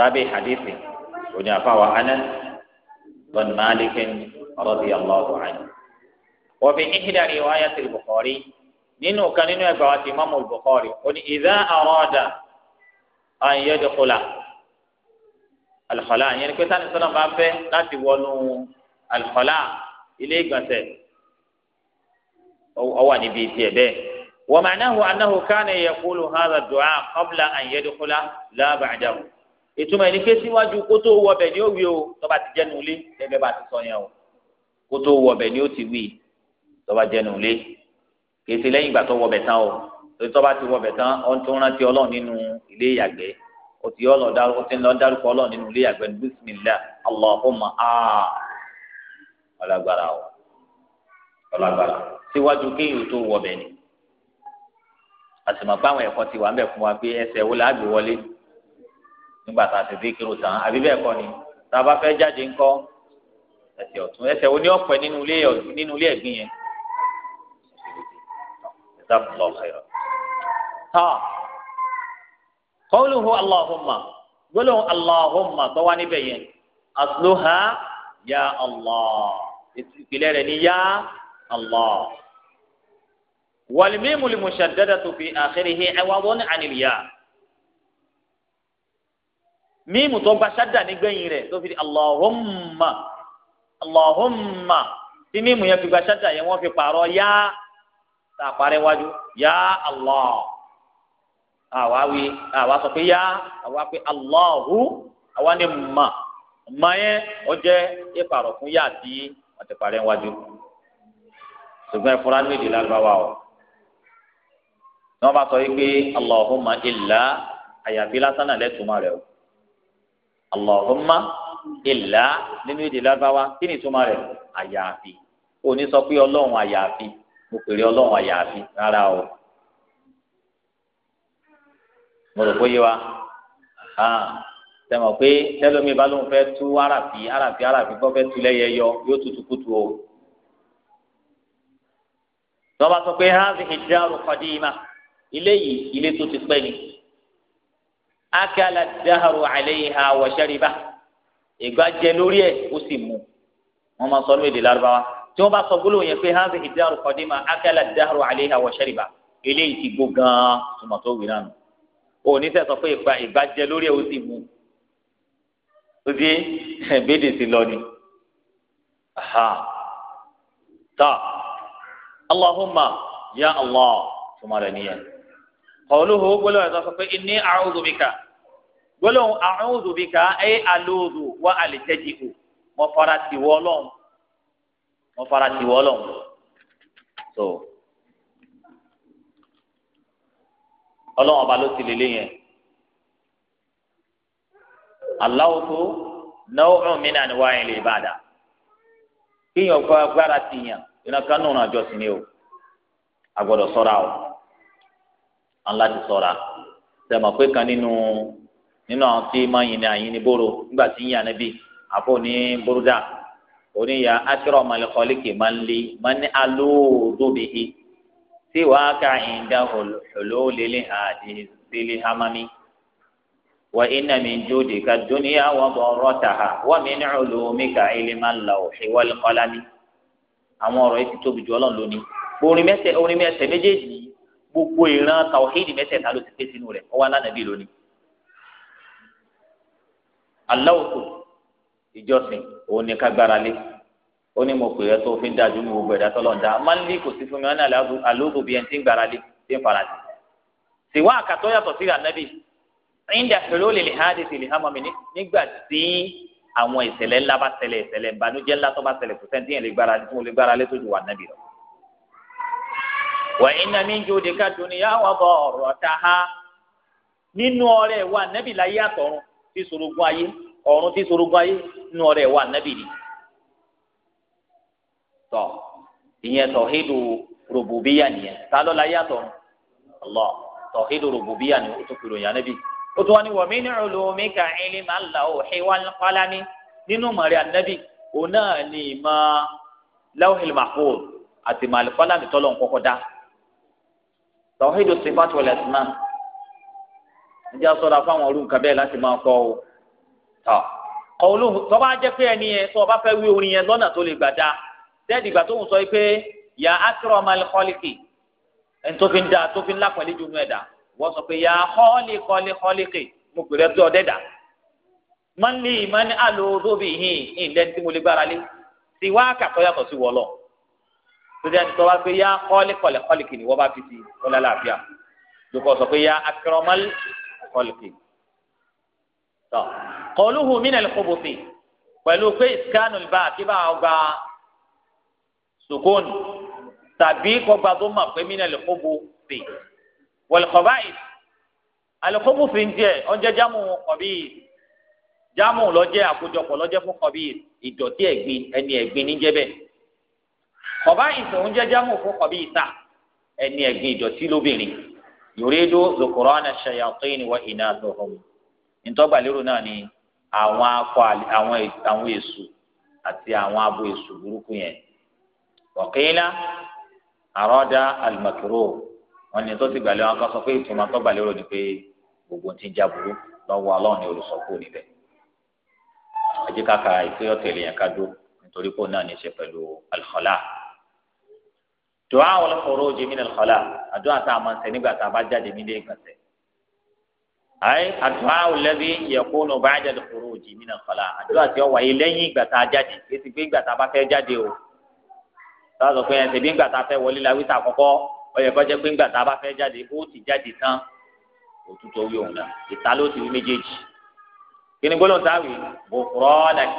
sábẹ́ hadithi òní àfàwà anan bin malik radiyallahu anhu. wa fi ihda riwayati al-bukhari nínú kan nínú ẹgbẹ́ wa ti imaamu al-bukhari òní idha arada an yadkhula al-khala yẹn ni pé sani sọ́nà bá fẹ́ láti wọnú al ilé ìgbọ̀nsẹ̀ ọwọ́ níbi tiẹ̀ bẹ́ẹ̀. ومعناه أنه كان يقول هذا الدعاء قبل أن يدخل لا بعده ìtumọ̀ ẹni pé síwájú kó tó wọ ọbẹ̀ ni ó wí o tọ́ba ti jẹ́ nulẹ̀ gẹ́gẹ́ bá ti sọ yẹn o kó tó wọ ọbẹ̀ ni ó ti wí tọ́ba jẹ́ nulẹ̀ kèsì lẹ́yìn ìgbà tó wọ ọbẹ̀ tán o torí tọ́ba ti wọ ọbẹ̀ tán ó ń tún rántí ọlọ́run nínú ilé ìyàgbẹ́ ó ti yọ ó ti ń lọ dárúkọ ọlọ́run nínú ilé ìyàgbẹ́ bísímìlá Allahumma ah. ọlágbára ọlágbára síwájú nígbà tá a ti díkìrò tán àbí bẹ́ẹ̀ kọ́ ni tá a bá fẹ́ jáde ńkọ́ ẹsẹ̀ ọ̀tún ẹsẹ̀ wo ni ọ̀pẹ nínú ilé nínú ilé ẹ̀gbìn yẹn ẹsẹ̀ àbúlọ̀ ọ̀fẹ́rọ̀. tá aláhùnmá gbólóhùn aláhùnmá tó wá níbẹ̀ yẹn asluha ya allah ìpìlẹ̀ rẹ̀ ni ya allah. wàlmímù lè mú tó fi àkérè hẹ́ ẹwà wọn ànìlíyà mímu tó gba ṣáda nígbẹ̀yìn rẹ̀ tó fi di Allahumma Allahumma tí mímu yẹn fi gba ṣáda yẹn wọ́n fi pààrọ̀ yá tá a parẹ́ wájú yá Allah àwa wí àwa sọ pé yá àwa pé Allahu àwa ni mà mà yẹn ó jẹ́ ìpààrọ̀ fún yá àti àti parẹ́ wájú ṣùgbọ́n ìfura ní èdè lálùbáwá o ní wọ́n bá sọ yìí pé Allahumma illa àyàfi lásán náà lẹ́tùmọ̀ rẹ̀ o. Allahumma illa nínú èdè lágbáwá kí ni ìtumọ̀ rẹ̀ àyàfi ní sọ pé ọlọ́run àyàfi mo pèrè ọlọ́run àyàfi rárá o mo rò bóyá wa tẹmọ pé tẹlómi bá tú tú yọ yóò tutù kutu o tọ́ba sọ pé ilé tó ti akala daharu aleha wàṣẹríba ìgbà jẹ lórí ẹ ó sì mú wọn máa sọ ní èdè Lárúbáwá tí wọn bá sọ gbólóhùn yẹn pé hanzi hidaru kọdima akala daharu aleha wàṣẹríba eléyìí ti gbó ganan tòmọ tó wí nánu o ní sẹ sọ pé ìgbà ìgbà jẹ lórí ẹ ó sì mú ó sì bédè sí lọ ni tá Allahumma ya Allah tòmọ rẹ kọ̀ọ̀lùhù gbólóhùn sọ fún pé inni a'udhu bika gbólóhùn a'udhu bika ẹ̀ alóòdù wá so ọlọ́run ọba ló ti lè léyìn ẹ̀ aláwòtó náwó mìíràn ni wáyé lè bá dà a àwọn láti sọra sẹmọ pé kan nínú nínú àwọn tí máa yin ní àyín ní bóró nígbà tí yín ànábì àbò ní bóródà oníyà akérò malikọlíkì máa ń lé máa ní alóòdòbìhì tí wàá ká ìdá olólèlè àti sílè hamami wa inna min judika dunya wa darataha wa min ulumika ilman lawhi wal qalami àwọn ọ̀rọ̀ yìí ti tóbi jù Ọlọ́run lónìí orin mẹsẹ orin mẹsẹ méjèèjì yìí gbogbo ìran tàwọ́hídì mẹ́tẹ̀ẹ̀ta ló ti pé sínú rẹ̀ ọwọ́ alánàbí lónìí. aláwòkù ìjọsìn òun ni kágbára lé ó ní mo pè é tó fi ń dájú ní gbogbo ẹ̀dá tọ́lọ̀ ń dá máa ń lé kò sí fún mi wọn ní àlóògùn bíi ẹni tí ń gbára lé tí ń farasí. sìwá àkàtọ́ yàtọ̀ sí ànábì ìndà pẹ̀lú olè lè háàdì sí lè há mọ́mi ní nígbà tí àwọn ìṣẹ̀lẹ̀ ńlá bá ṣẹlẹ̀ ìṣẹ̀lẹ̀ ìbànújẹ́ ńlá tó bá ṣẹlẹ̀ kò sẹ́ńtì wa inna min judika dunya wa darrataha nínú ọrẹ wa nẹ́bì láyé àtọ̀run tí sorogún ayé ọ̀run tí sorogún ayé nínú ọrẹ wa nẹ́bì ni. tọ ìyẹn tọ̀hídù rògbòbíyà nìyẹn ta ló láyé àtọ̀run lọ tọ̀hídù rògbòbíyà ni ó tún fi ròyìn ànẹ́bì. ó tún wá ní wa min ulumika ilma al-lawhi wal-qalami nínú mọ̀rẹ́ ànẹ́bì òun náà ní ìmọ̀ lawhil mahfuz àti màlúfọ́lámì tọ́lọ́ tawhidu sifat wal asma ǹjẹ́ a sọ̀rọ̀ fáwọn olú nǹkan bẹ́ẹ̀ láti máa kọ́ o tọ́ kọ́ọ̀lù tọ́ba jẹ́ pé ẹni yẹn tó o bá fẹ́ wí orin yẹn lọ́nà tó lè gbà dá tẹ́ẹ̀dì ìgbà tó ń sọ pé ya akramal khaliqi ẹni tó fi ń da tó fi ń lápẹ̀lẹ́ ju inú ẹ̀dá wọ́n sọ pé ya khaliqal khaliqi mo pèrè mo lè gbára lé tiwáàkà tó sójú ẹni tó bá pé yá kọ́lé kọ́lé kọ́lé kìíní wọ́n bá fi ti kọ́lé àlàáfíà dùkọ̀ sọ pé yá akérọ́mọ́lì kọ́lé kìíní. tọ́ kọ́lùhù mínà lẹ́kọ̀bọ̀sì pẹ̀lú pé ìsikánù bá kí bá gba sukun tàbí kọgbà tó mọ̀ pé mínà lẹ́kọ̀bọ̀sì wọ̀lẹ̀kọ̀bá ì alẹ́kọ̀bọ̀sì ń jẹ́ ọjọ́ jámù kọ̀bí jámù lọ́jẹ́ àkójọpọ̀ lọ́jẹ́ fún kọ̀bí ìdọ̀tí ẹ̀gbin ẹni ẹ̀gbin níjẹ́ kọ̀bá ìsòun jẹ́jẹ́ mú fún kọ̀bí ìta ẹni ẹ̀gbin ìdọ̀tí lóbìnrin yòrédó zòkòrò ànà ṣayàtọ́yìn wọ iná lọ́hùn. ìtọ́gbà lérò náà ni àwọn akọ àwọn èṣù àti àwọn abo èṣù burúkú yẹn. wọ̀kìlá àròdà alimakiro wọn ni tó ti gbàlẹ́ wọn kan sọ pé ìtumọ̀ tó gbà ni pé gbogbo ti ń jaburú lọ́wọ́ ọlọ́run ni olùsọ̀kú níbẹ̀. ẹ jẹ́ ká yẹn ká nítorí pé ó náà ní í ṣe pẹ̀lú alìkọ́lá dùn àwọn ọlọ́kọ̀ọ́rọ́ òjì mí nìkan la àdúrà tá a máa ń ṣe nígbà tá a bá jáde nílé ìgbọ̀nsẹ̀. ayé àdúrà olẹ́bí yẹ̀kúnnù bá jáde kúrò òjì mí nìkan la àdúrà tí ó wáyé lẹ́yìn ìgbà tá a jáde èsì pé ìgbà tá a bá fẹ́ jáde o. sọ́dọ̀ pé ẹ̀sìn bí ìgbà tá a fẹ́ wọlé la wíta àkọ́kọ́ ó yẹ kó jẹ́ pé ìgbà tá a bá fẹ́ jáde ó ti jáde tán òtútù orí òun náà ìta ló ti rí méjèèjì kí ni gbọ́dọ̀ táwì bùkúrọ́ọ̀lẹ́kì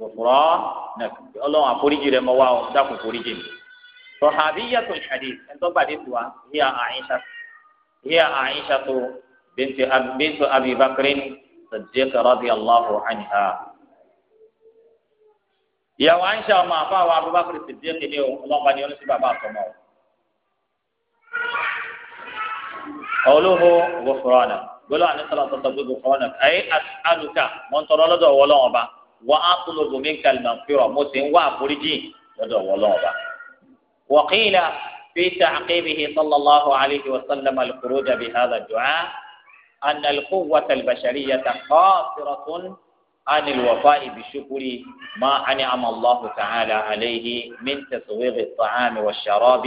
gbọ̀fọ̀rọ̀ nàbí ọlọ́run àforíjì rẹ̀ mọ́ wá o dákun foríjì mi. sọ̀hábí yàtọ̀ ìṣàdé ẹ̀ńtọ́gbàdé tó wa hiya Aisha hiya Aisha tó bintu Abi Bakrin Siddiq radiyallahu anha. ìyàwó Aisha ọmọ àfáwà Abubakar Siddiq ni o ọlọ́ba ni oníṣẹ́ bàbá àtọmọ. ọlọ́hu gbọ̀fọ̀rọ̀ nàbí gbọ́dọ̀ àníṣàlọ́ wa atlubu minkal maghfira mo sì ń wá àforíjì lọ́dọ̀ wọlọ́wọ́ bá. wa qila fi ta'qibihi sallallahu alayhi wa sallam al-khuruj bi hadha ad-du'a anna al-quwwata al-bashariyata qasiratun عن الوفاء بشكر ما أنعم الله تعالى عليه من تسويغ الطعام والشراب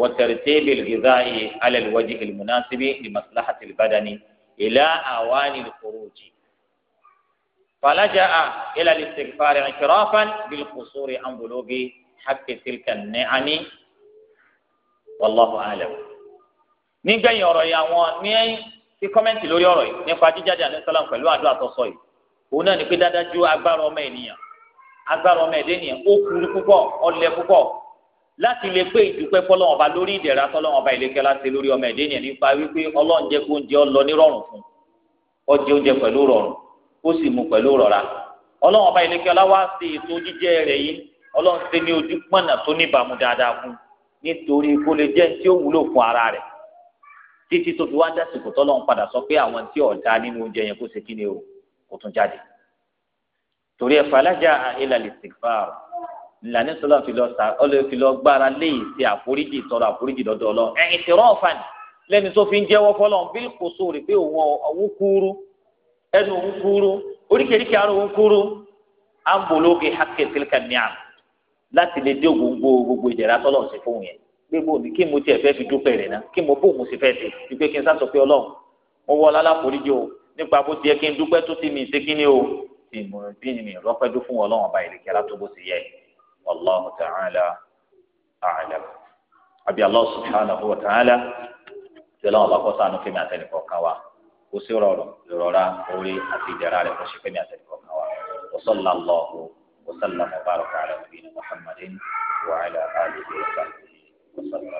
وترتيب الغذاء على الوجه المناسب لمصلحة البدن إلى أوان الخروج فلجأ إلى الاستغفار اعترافا بالقصور عن بلوغ حق تلك النعم والله أعلم nígbẹ̀yìn ọ̀rọ̀ yìí àwọn ní ti kọ́mẹ́ǹtì lórí ọ̀rọ̀ yìí nípa jíjáde àlẹ́sọ́lá pẹ̀lú àdúrà tó sọ yìí òun náà ní pé dáadáa ju agbára ọmọ ènìyàn agbára ọmọ ẹ̀dẹ́ ènìyàn ó kúrú púpọ̀ ọlẹ̀ púpọ̀ láti lè pé ìdúpẹ́ fọlọ́wọ́n ba lórí ìdẹ̀ra fọlọ́wọ́n ba ìlẹ́kẹ́ láti lórí ọmọ ẹ̀dẹ́ ènìyàn nípa wípé ọlọ́run jẹ́ kó oúnjẹ ọ lọ ní rọrùn fún ọjẹ́ oúnjẹ pẹ̀lú rọrùn kó sì mu pẹ̀lú rọra ọlọ́run ọba ìlẹ́kẹ́ ọlá wá sí ètò jíjẹ́ rẹ̀ yìí ọlọ́run ti ní ojú pọ̀nà tó níbàámu dáadáa fún nítorí kó lè jẹ́ tí ó wúlò fún ara rẹ̀ títí tó fi wá dásìkò tọ́lọ́run sọ pé àwọn tí ọ̀dà nínú oúnjẹ yẹn kó ṣe kí o kò tún jáde torí ẹ̀fọ́ alájà fi lọ gbára àforíjì tọrọ ẹnu òun kúrú oríkèéríkèé ara òun kúrú à ń bolo kí hakẹ́ tilka ni'am láti lè dé gbogbo gbogbo ìdẹ̀ra tọ́lọ̀ sí fóun yẹn gbogbo ní kí mo tiẹ̀ fẹ́ fi dúpẹ́ rẹ̀ náà kí mo bó mo sì fẹ́ kí n pé ọlọ́run mo wọ o nípa bó kí n dúpẹ́ tó ti mi o ti mo bí mi rọ́pẹ́ dún fún ọlọ́run ọba ìrèké yẹ kó sí rọrọ ìrọra orí àti ìdẹ̀ra rẹ̀ kó ṣe pé ní àtẹ̀kọ́ kan wa wasalla allahu wasalla mubaraka ala nabiyina muhammadin wa ala alihi wa sahbihi wasalla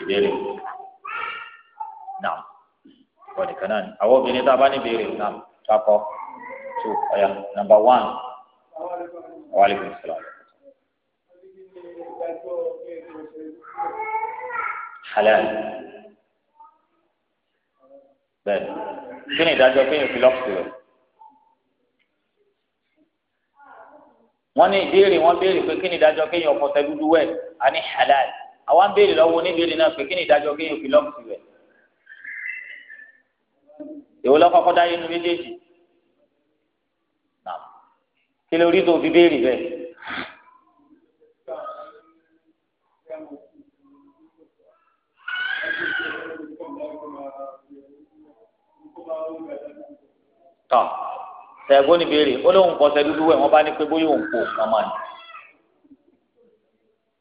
ìbéèrè naam wọn nìkan náà ni àwọn obìnrin tá a bá ní ìbéèrè naam kakọ two ọ̀yà nàmbà one wa alaikum salaam. halal. bẹ́ẹ̀ kí ni ìdájọ́ pé yóò fi lọ́ọ̀kì rẹ̀. wọ́n ní ìbéèrè wọ́n béèrè pé kí ni ìdájọ́ pé yóò fọṣẹ dúdú wẹ̀ á halal àwa ń béèrè lọ́wọ́ oníbèrè náà pé kí ni ìdájọ́ pé yóò fi lọ́ọ̀kì rẹ̀. èwo lọ́kọ́kọ́ dáyé nu méjèèjì kí lórí tó fi béèrè bẹ́ẹ̀. tọ tẹgbọn ní béèrè ó lóun kọsẹ̀ dúdú wẹ wọn bá ní pé bóyá òun kò kàn máa ní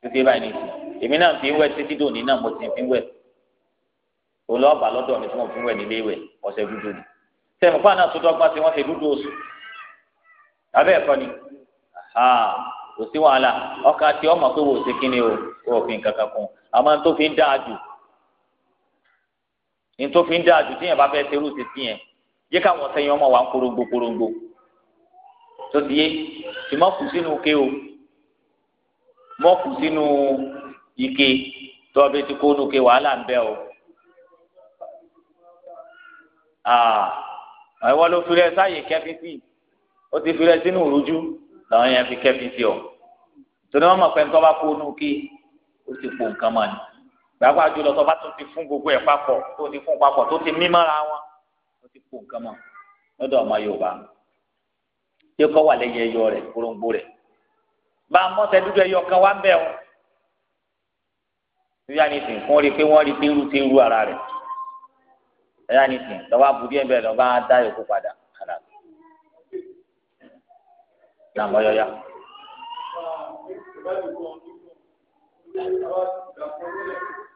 títí báyìí ní ìsìn èmi náà fi ń wẹ títí dòní náà mo ti fi ń wẹ òun lọ bà lọ́dọ̀ mi tí mo fi ń wẹ nílé ìwẹ̀ ọṣẹ dúdú ni sẹmu fún àná tó dọ́gba sí wọn ṣe dúdú oṣù abẹ ẹkọ ni kò sí wàhálà ọkà tí ọmọ pé wò ó ṣe kíni o òfin kankan kún àmọ́ n fi ń dáa jù n fi ń dáa jù tíyẹn bá fẹ́ ṣerú ṣe tíyẹn yẹ káwọn sẹyìn ọmọ wa ń korongbò korongbò tó ti yé tí mo kù sínú ike o mo kù sínú ike tó ọbẹ ti kó nu ike wàhálà ń bẹ o ah, àwọn ìwọ ló fi rẹ sáàyè kẹfí sí ó ti fi rẹ sínú òrújú làwọn yẹn fi kẹfí sí ọ tó ní wọn mọ pé nítorí wọn bá kó nu ike ó ti po nǹkan mọ ni gbàgbọ́ àjọyọ̀ tó bá tún ti fún gbogbo ẹ̀ papọ̀ tó ti fún papọ̀ tó ti mí wọn ó ti kó nǹkan mọ́ lọ́dọ̀ ọmọ yorùbá tí ó kọ́ wà lẹ́yìn ẹyọ rẹ̀ korongbó rẹ̀ bá a mọ́sẹ̀ dúdú ẹyọ kan wá ń bẹ̀ wọn. ìyá ni sìn fún rí pé wọ́n rí pé irú ti rú ara rẹ̀ ìyá ni sìn lọ́wọ́ abu díẹ̀ bẹ́ẹ̀ lọ́wọ́ á dá yòókù padà kàdà. làmọ́ yọ ya. Thank you.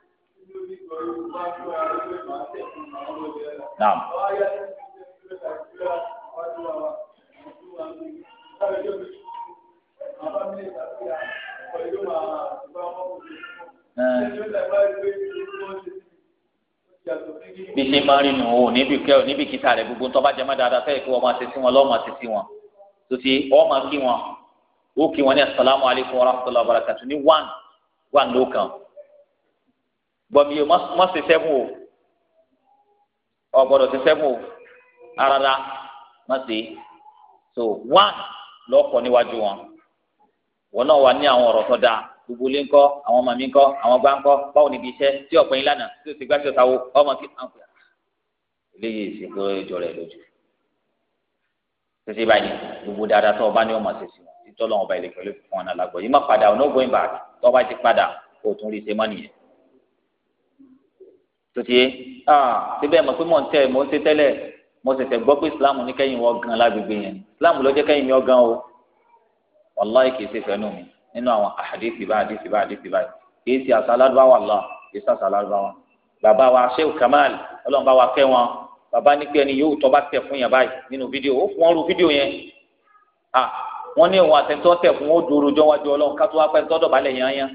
Naam. Eh. bí ṣe máa rí nu o níbi kẹ o níbi kíta rẹ gbogbo ntọ́ba jẹ́ má dáadáa fẹ́ẹ́ kí wọ́n máa ṣe wọn lọ́ọ́ máa ṣe wọn tó ti ọ́ máa kí wọn ó kí wọn ní asalaamualeykum wa rahmatulahi wa barakatu ní one one ló kàn gbọmi yìí mọ sí sẹ́fù o ọgbọdọ sí sẹ́fù o arara mọ sí so one lọkọ níwájú wọn wọn náà wà ní àwọn ọ̀rọ̀ tó dáa gbogbo ilé ńkọ́ àwọn màmí ńkọ́ àwọn gbá ńkọ́ báwo níbi iṣẹ́ tí ọ̀pẹ yín lánàá tí o ti gbá tí o sáwó ọmọ kí ọmọ kí eléyìí sì kó ìjọ rẹ lójú títí báyìí gbogbo dáadáa tó o bá ní ọmọ ṣe sí wọn títọ́ lọ́wọ́ ọba ìlẹ̀kẹ́ ló fi fún ọ náà lágbọ́ yìí má padà ọ̀nà ògbóyìn bá tọ́ bá ti padà kó o tún rí ṣe mọ́ nìyẹn tòtí yé ah síbẹ̀ mọ̀ pé mò ń tẹ̀ mò ń ṣe tẹ́lẹ̀ mo ṣẹ̀ṣẹ̀ gbọ́ pé islam ní kẹ́yìn wọ́n gan lágbègbè yẹn islam ló jẹ́ kẹ́yìn yẹn gan o wàláì kìí ṣe fẹ́nu mi nínú àwọn àdìsí bá àdìsí bá àdìsí bá kìí ṣe àṣàládùbáwà lọ kìí ṣe àṣàládùbáwà bàbá wa sheu kamal ọlọ́run bá wa kẹ́ wọn bàbá ní pé ẹni yóò tọ́ bá tẹ̀ fún yẹn báyìí nínú fídíò ó fún wọn ru fídíò yẹn ah wọ́n ní ìwọ̀n àtẹ̀ntọ́ tẹ̀ fún ó dúró jọ́wájú ọlọ́run ká tó wá pẹ́ tọ́dọ̀ balẹ̀ yẹn yẹn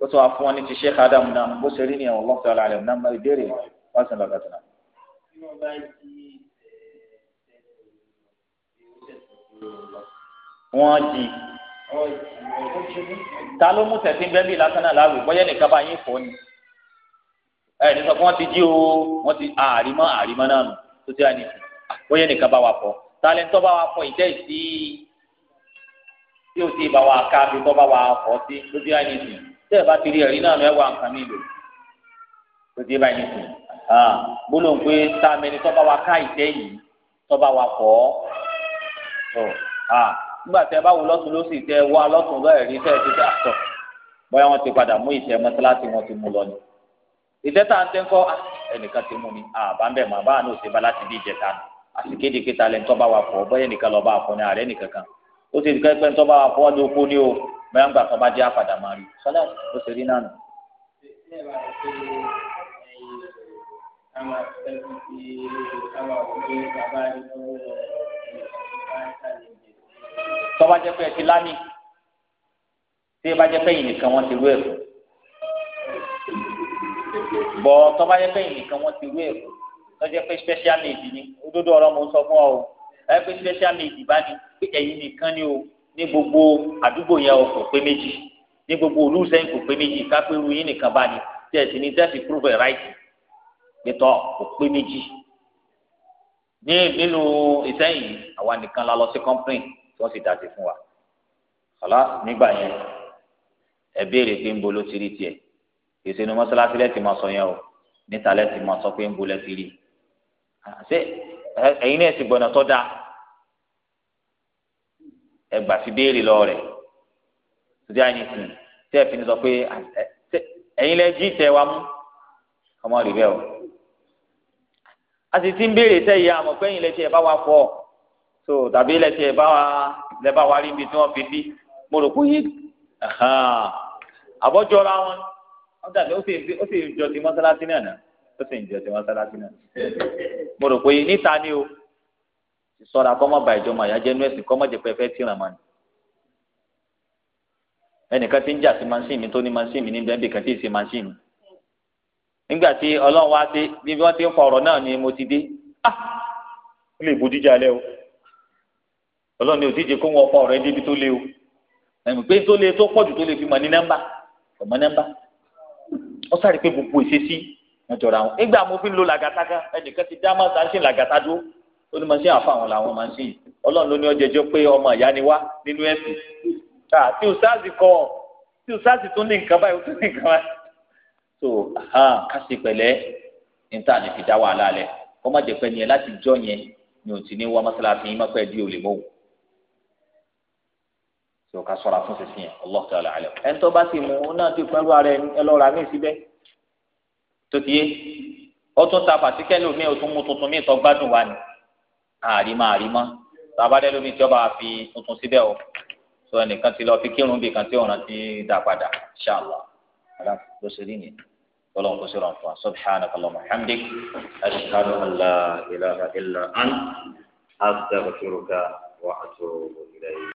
ó tún wá fún wọn ní ti Sheikh Adam náà bó ṣe rí nìyẹn Allah ta'ala alim náà máa ìbéèrè wá sí lọ́gàtà náà. wọ́n jí ta ló mú tẹ̀sí bẹ́ẹ̀bì lásán náà láwùjọ bọ́yá nìkan bá yín fọ́ ni ẹ ní sọ pé wọ́n ti jí o wọ́n ti àrímọ́ àrímọ́ náà nù tó ti wá ní ìsìn bọ́yá nìkan bá wà pọ̀ talẹ̀ tó bá wà pọ̀ ìjẹ́ ìsí tí o ti bá wà ká bí tó bá wà pọ̀ sí tó ti wá ní ìsìn tẹ́ ẹ bá ti rí ẹ̀rí náà ẹ wà nǹkan mi lò tó dé báyìí nìsín gbólóhùn pé tá a mẹni tọ́ bá wa ká ìtẹ́ yìí tọ́ bá wa kọ́ ọ́ nígbà tẹ́ bá wò lọ́tún ló sì tẹ́ wá lọ́tún lọ́ọ̀ ẹ̀rí tẹ́ ẹ ti tẹ́ àtọ̀ bóyá wọ́n ti padà mú ìtẹ́ mọ́sálásí wọn ti mú lọ ni ìtẹ́ tá à ń tẹ́ ń kọ́ ẹnìkan ti mú mi àbá ń bẹ̀ mọ́ àbá àánú òṣèbá láti bí ìjẹta àsìkéde kíta lẹ́ńtọ́ bá wa kọ́ bóyá ẹnìkan lọ́ọ́ bá ni ààrẹ nìkan kan ó ti kẹ́pẹ́ ńtọ́ bá wa kọ́ bẹ́ẹ̀ ń gbà tó bá jẹ́ àpàdà máa rí sọ́dà ó ṣe rí náà nù. tó bá jẹ́ pé ẹ ti lámì tí ẹ bá jẹ́ pé ẹ̀yin nìkan wọ́n ti rú ẹ̀fọ́ bọ̀ tó bá jẹ́ pé ẹ̀yin nìkan wọ́n ti rú ẹ̀fọ́ tó jẹ́ pé special need ni òdodo ọ̀rọ̀ mo sọ fún ọ o ẹ pé special need bá ní pé ẹ̀yin nìkan ni o ní gbogbo àdúgbò yẹn o kò pé méjì ní gbogbo olú sẹ́yìn kò pé méjì kápẹ́ irú yín nìkan bá ní tẹ̀sí ní tẹ̀sí prove it right gbẹtọ̀ kò pé méjì ní nínú ìsẹ́yìn àwa nìkan la lọ sí complain tí wọ́n sì dá sí fún wa ọ̀la nígbà yẹn ẹ béèrè pé ń bo ló ti rí tiẹ̀ èsì ni mọ́sálásí lẹ́tì máa sọ yẹn o níta lẹ́tì máa sọ pé ń bo lẹ́tì rí ẹ̀yin náà sì gbọ́nà tó dáa ẹ gbà fi béèrè lọ rẹ tòdí àyìn sìn tí ẹ fi ní sọ pé ẹ̀yin lẹ jí tẹ wa mú ọmọ rẹ bẹ o a sì ti ń béèrè tẹ ìyá àmọ́ pé ẹ̀yin lẹ tiẹ bá wa fọ so tàbí lẹ tiẹ bá wa lẹ bá wa rí ibi tí wọn fi bí mo rò kó yé àbọjọra wọn wọn dàbí ó sì jọ ti mọ́sálásí náà ó sì ń jọ ti mọ́sálásí náà mo rò kó yé níta ni o sọ́ra kọ́ mọ́ ba ìjọba àyà jẹ́ nọ́ọ̀sì kọ́ mọ́ jẹ́ pé ẹ fẹ́ tìràn mọ́ ni. ẹnìkan ti ń jà sí mansin mi tó ní mansin mi ní bẹ́ẹ̀ bìkan tí ì sí mansin mi. nígbà tí ọlọ́run wá sí bí wọ́n ti ń fa ọ̀rọ̀ náà ni mo ti dé ah ó lè bójú jà lẹ́ o ọlọ́run ni ò tíje kó wọn fa ọ̀rọ̀ ẹ débi tó le o ẹ̀mí pé tó le tó pọ̀jù tó le fi mọ̀ ní nọ́mbà ọmọ nọ́mbà ó sáré pé gbogbo ìṣesí wọn jọra wọn nígbà mo fi ń lo làgàtà kan ẹnìkan ti dá máa ó ní màṣẹ àfàwọn làwọn máa ń sìn ọlọ́run ló ní ọjọ́ ẹjọ́ pé ọmọ ìyá ni wá nínú ẹ̀sìn ká tí o sáàsì kọ tí o sáàsì tún ní nǹkan báyìí o tún ní nǹkan báyìí so kásì pẹ̀lẹ́ níta lè fi dá wàhálà lẹ̀ kó má jẹ́ pé ni ẹ láti jọ yẹn ni o ti ní wá mọ́sálásí yín má pẹ́ di olè mọ́wò tí o ká sọ̀rọ̀ fún sísìn yẹn Allah ta'ala alam ẹ̀ ń tọ́ bá sì mú un náà ti pẹ́lú ara ẹ lọ́ọ́ ní ìsíbẹ̀ tó ti yé ó ta pàtíkẹ́lì mi ó mú tuntun mi tó gbádùn wa ni àrímọ́ àrímọ́ tàbádẹ́ lómi tí ọba fi tuntun síbẹ̀ o sọ ẹnìkan ti lọ fi kírun bíi kan tí ọ̀ràn ti dà padà ṣáàlà àlá ló ṣe rí nìyẹn tọ́lọ́n kó sílọ̀ fún wa subhanaka Allahumma hamdik ashhadu ilaha illa ant astaghfiruka wa atubu ilayk.